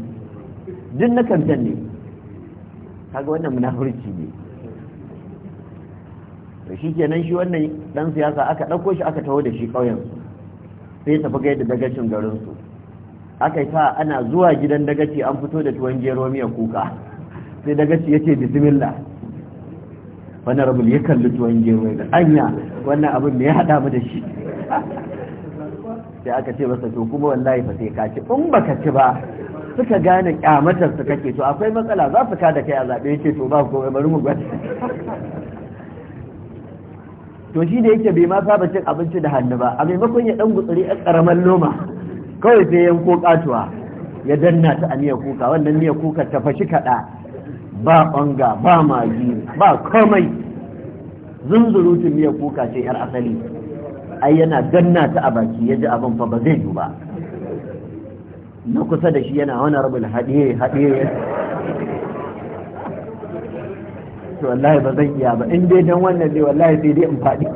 duk na kantan ne kaga wannan munafurci ne to shi kenan shi wannan ɗan siyasa aka ɗauko shi aka taho da shi su. sai tafi ga da dagacin garinsu aka yi ta ana zuwa gidan dagaci an fito da tuwon gero miya kuka sai dagaci yace ce bismillah wannan rabin ya kalli tuwon gero ya anya wannan abin da ya haɗa mu da shi sai aka ce masa to kuma wallahi fa sai ka ci in baka ci ba suka gane kyamatar su kake to akwai matsala za su da kai a zaɓe ce to ba komai bari mu gwada to shi da yake bai ma saba cin abinci da hannu ba a maimakon ya dan gutsuri a karaman loma kawai sai yanko katuwa ya danna ta a miyar kuka wannan miyar kuka ta fashi kaɗa ba ɓanga ba magi ba komai zunzurutun miyar kuka ce yar asali ai yana danna ta a baki ya ji abin fa ba zai yi ba na kusa da shi yana wani rabin haɗe haɗe ce wallahi ba zan iya ba in dai dan wannan dai wallahi sai dai in faɗi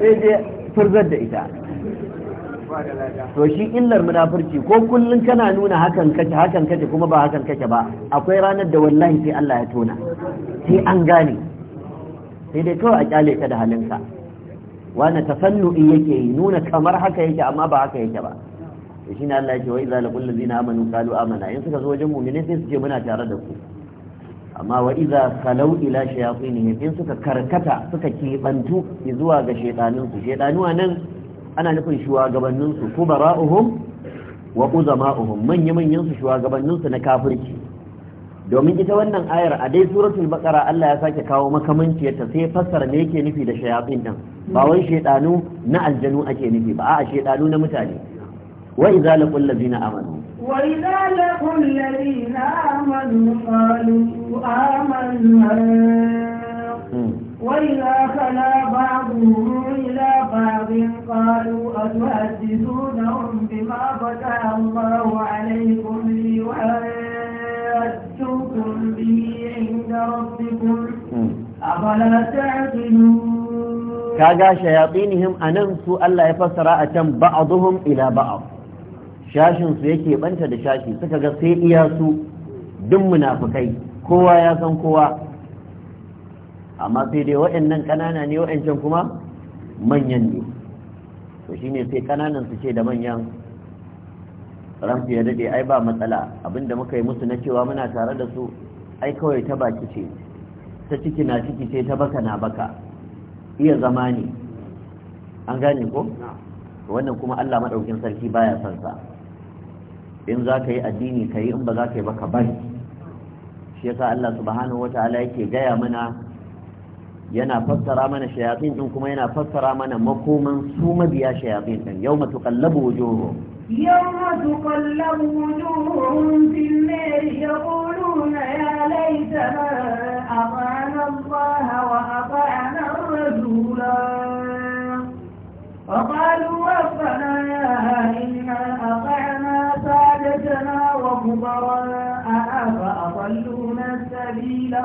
sai dai furzar da ita to shi illar munafurci ko kullun kana nuna hakan kace hakan kace kuma ba hakan kace ba akwai ranar da wallahi sai Allah ya tona sai an gane sai dai kawai a kyale ka da halinka wani in yake yi nuna kamar haka yake amma ba haka yake ba shi ne Allah ya ce wa idza laqul ladina amanu qalu amana in suka zo wajen mu'mini sai su ce muna tare da ku amma wa iza kalau ila shayatinihim in suka karkata suka kebantu zuwa ga shaydanin su shaydanuwa nan ana nufin shugabannin su kubara'uhum wa uzama'uhum manya manyan su shugabannin su na kafirci domin ita wannan ayar a dai suratul baqara Allah ya sake kawo makamanciyarta sai fassara me yake nufi da shayatin nan ba wai shaydanu na aljanu ake nufi ba a'a shaydanu na mutane wa iza laqul ladina amanu
وإذا لقوا الذين آمنوا قالوا آمنا وإذا خلا بعضهم إلى بعض قالوا أتحدثونهم بما فتح الله عليكم ليحاجوكم به عند ربكم أفلا تعقلون kaga
شياطينهم anan ألا يفسر أتم بعضهم إلى بعض shashin yake banta da shashi suka ga sai iya su duk munafukai kowa ya san kowa amma sai dai waɗannan ƙanana ne waɗancan kuma manyan ne to shine sai ƙananan su ce da manyan ransu ya daɗe ai ba matsala abinda muka yi musu na cewa muna tare da su ai kawai ta baki ce ta ciki na ciki ce ta baka na baka iya zama ne an gane ko wannan kuma Allah maɗaukin sarki baya son sa in za ka yi addini ka yi in ba za ka yi ba ka bari shi yasa Allah subhanahu wataala yake gaya mana yana fassara mana shayatin din kuma yana fassara mana makoman su mabiya shayatin din yawma tuqallabu wujuhum
yawma tuqallabu wujuhum fil nar yaquluna ya laitana aqana Allah wa aqana ar-rasula فقالوا ربنا إنا أطعنا سادتنا وكبراءنا فأطلونا سبيلا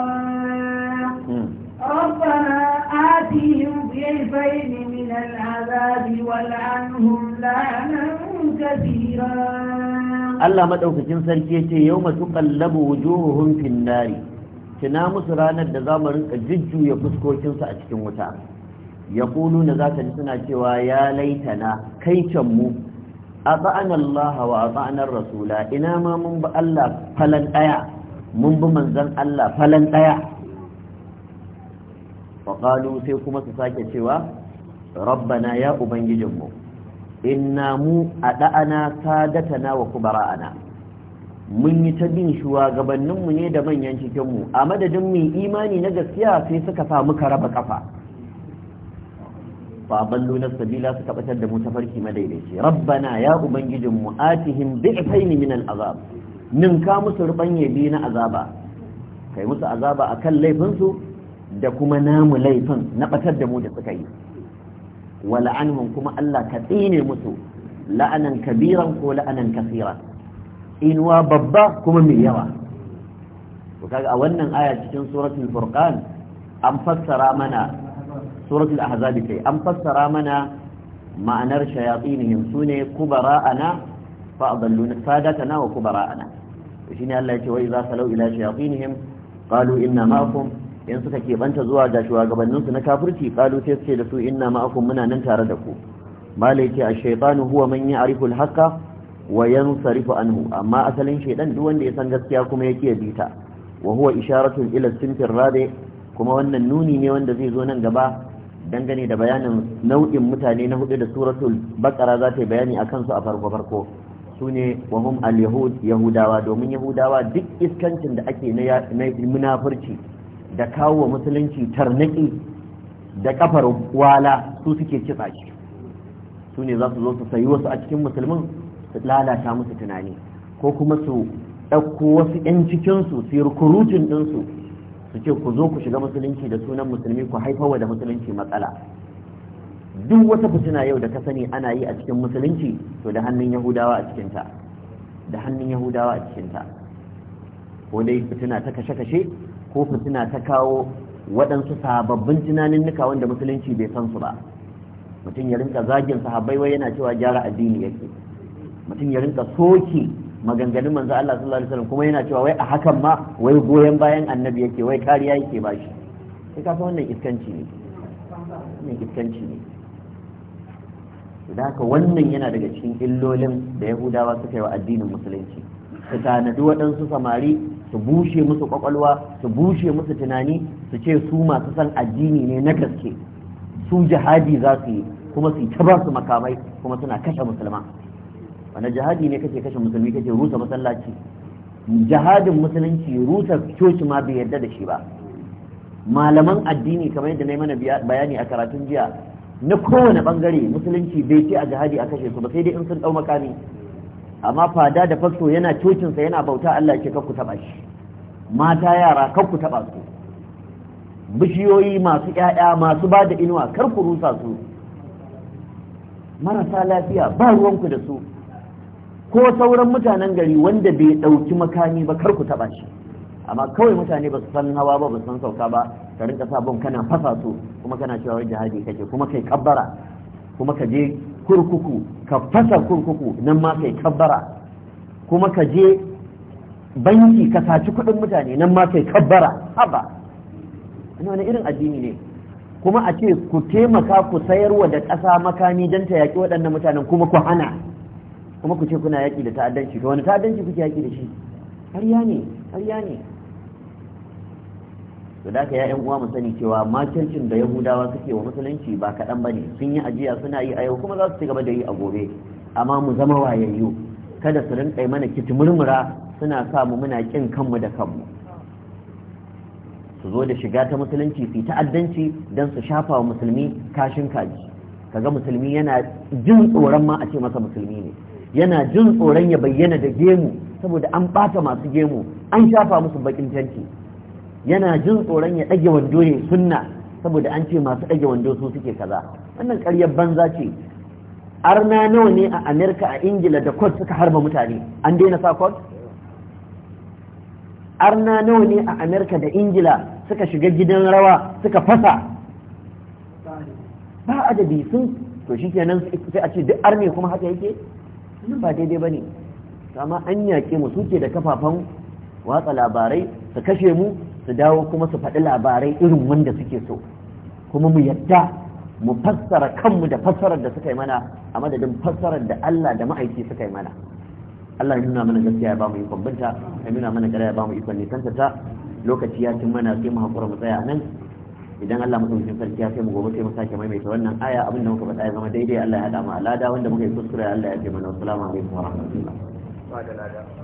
ربنا آتيهم ضعفين من العذاب والعنهم لعنا كثيرا
Allah madaukakin sarki yace yawma tuqallabu wujuhuhum fin nari kina musu ranar da zamu rinka jujjuya fuskokin su a cikin wuta na za ji suna cewa ya laitana kai can A ata'ana Laha wa ata'ana rasula ina ma mun bi Allah falan ɗaya? mun bi manzan Allah falan ɗaya wa ƙalu sai kuma su sake cewa rabbana ya ubangijinmu inna mu a ada'ana sadatana wa kubara'ana mun yi ta bin shugabanninmu ne da manyan cikinmu a madadin mu imani na gaskiya sai suka sa muka raba kafa fa luna na sabila suka batar da mu farki madaidaici rabbana ya ubangijin mu atihim bi'faini min al'azab nin ka musu rubanye bi na azaba kai musu azaba akan laifin su da kuma namu laifin na batar da mu da suka yi wala'anhum kuma Allah ka tsine musu la'anan kabiran ko la'anan kasira inuwa babba kuma mai yawa kaga a wannan aya cikin suratul furqan an fassara mana suratul ahzab kai an fassara mana ma'anar shayatinihim sune kubara'ana fa adalluna sadatana wa kubara'ana shine Allah ya wa idza salau ila shayatinihim qalu inna ma'akum in suka keɓanta zuwa ga shugabanninsu na kafirci kalu sai da su inna ma'akum muna nan tare da ku malai ce ash-shaytanu huwa man ya'rifu al-haqqa wa yansarifu anhu amma asalin shaydan duk wanda ya san gaskiya kuma yake bita wa huwa isharatun ila sinfir rabi kuma wannan nuni ne wanda zai zo nan gaba dangane da bayanin nau'in mutane na hudu da suratul bakara za ta yi bayani a kansu a farko-farko su ne wahum al-yahud yahudawa domin yahudawa duk iskancin da ake na munafurci da kawo wa musulunci tarnaki da kafar wala su suke kitsa shi su ne za su zo su sayi wasu a cikin musulmin su lalata musu tunani ko kuma su ɗauko wasu 'yan cikinsu su yi rukurutun ɗinsu su ce ku zo ku shiga musulunci da sunan musulmi ku haifawa da musulunci matsala duk wata fitina yau da ka sani ana yi a cikin musulunci to da hannun yahudawa a cikinta da hannun yahudawa a cikinta ko dai fitina ta kashe-kashe ko fitina ta kawo waɗansu sababbin tunanin tunaninnika wanda musulunci bai san su ba mutum ya rinka zagin sahabbai wai yana cewa gyara addini yake mutum ya rinka soke maganganun manzo Allah sallallahu alaihi wasallam kuma yana cewa wai a hakan ma wai goyen bayan annabi yake wai kariya yake bashi sai ka wannan iskanci ne wannan iskanci ne haka wannan yana daga cikin illolin da yahudawa suka yi wa addinin musulunci su tanadi waɗansu samari su bushe musu kwakwalwa su bushe musu tunani su ce su masu san addini ne na gaske su jihadi za su yi kuma su yi ta ba su makamai kuma suna kashe musulma ana jihadi ne kake kashe musulmi kake rusa masallaci jihadin musulunci rusa coci ma bai yarda da shi ba malaman addini kamar yadda na yi mana bayani a karatun jiya na kowane bangare musulunci bai ce a jihadi a kashe su ba sai dai in sun dau makami amma fada da fasto yana cocinsa yana bauta Allah ce kakku taba shi mata yara kakku taba su bishiyoyi masu yaya masu ba da inuwa kar ku rusa su marasa lafiya ba ruwanku da su ko sauran mutanen gari wanda bai ɗauki makami ba kar ku taɓa shi amma kawai mutane ba su san hawa ba ba su san sauka ba ka rinka sa bom kana fasa su kuma kana cewa wai jihadi kake kuma kai kabbara kuma ka je kurkuku ka fasa kurkuku nan ma kai kabbara kuma ka je banki ka saci kuɗin mutane nan ma kai kabbara haba wani irin addini ne kuma a ce ku taimaka ku sayarwa da ƙasa makami don ta yaƙi waɗannan mutanen kuma ku hana kuma ku ce kuna yaƙi da ta'addanci to wani ta'addanci kuke yaƙi da shi ƙarya ne ƙarya ne to da ka ya'yan uwa mu sani cewa makircin da yahudawa suke wa musulunci ba kaɗan ba ne sun yi ajiya suna yi a yau kuma za su ci gaba da yi a gobe amma mu zama wayayyu kada su rinƙa mana murmura, suna sa mu muna ƙin kanmu da kanmu su zo da shiga ta musulunci su ta'addanci don su shafa wa musulmi kashin kaji kaga musulmi yana jin tsoron ma a ce masa musulmi ne yana jin tsoron ya bayyana da gemu saboda an ɓata masu gemu an shafa musu bakin tanti yana jin tsoron ya ɗage wando ne sunna saboda an ce masu ɗage wando su suke kaza wannan ƙaryar banza ce arna nawa ne a amerika a ingila da kot suka harba mutane an daina sa kot arna nawa ne a amerika da ingila suka shiga gidan rawa suka fasa ba adadi sun to shi kenan sai a ce duk arne kuma haka yake wannan ba daidai ba bane amma an yaƙe mu suke da kafafen watsa labarai su kashe mu su dawo kuma su faɗi labarai irin wanda suke so kuma mu yadda mu fassara kanmu da fassarar da suka yi mana a madadin fassarar da Allah da ma'aiki suka yi mana Allah ya nuna mana gaskiya ya ba mu ikon binta ya nuna mana gara ya ba mu ikon nisanta lokaci ya cin mana sai mu haƙura mu tsaya nan idan Allah mutum sarki ya kai mu gobe sai mu sake maimaita wannan aya abinda muka faɗa ya zama daidai Allah ya haɗa mu alada wanda muka yi kuskure Allah ya ce mana assalamu alaikum wa
rahmatullah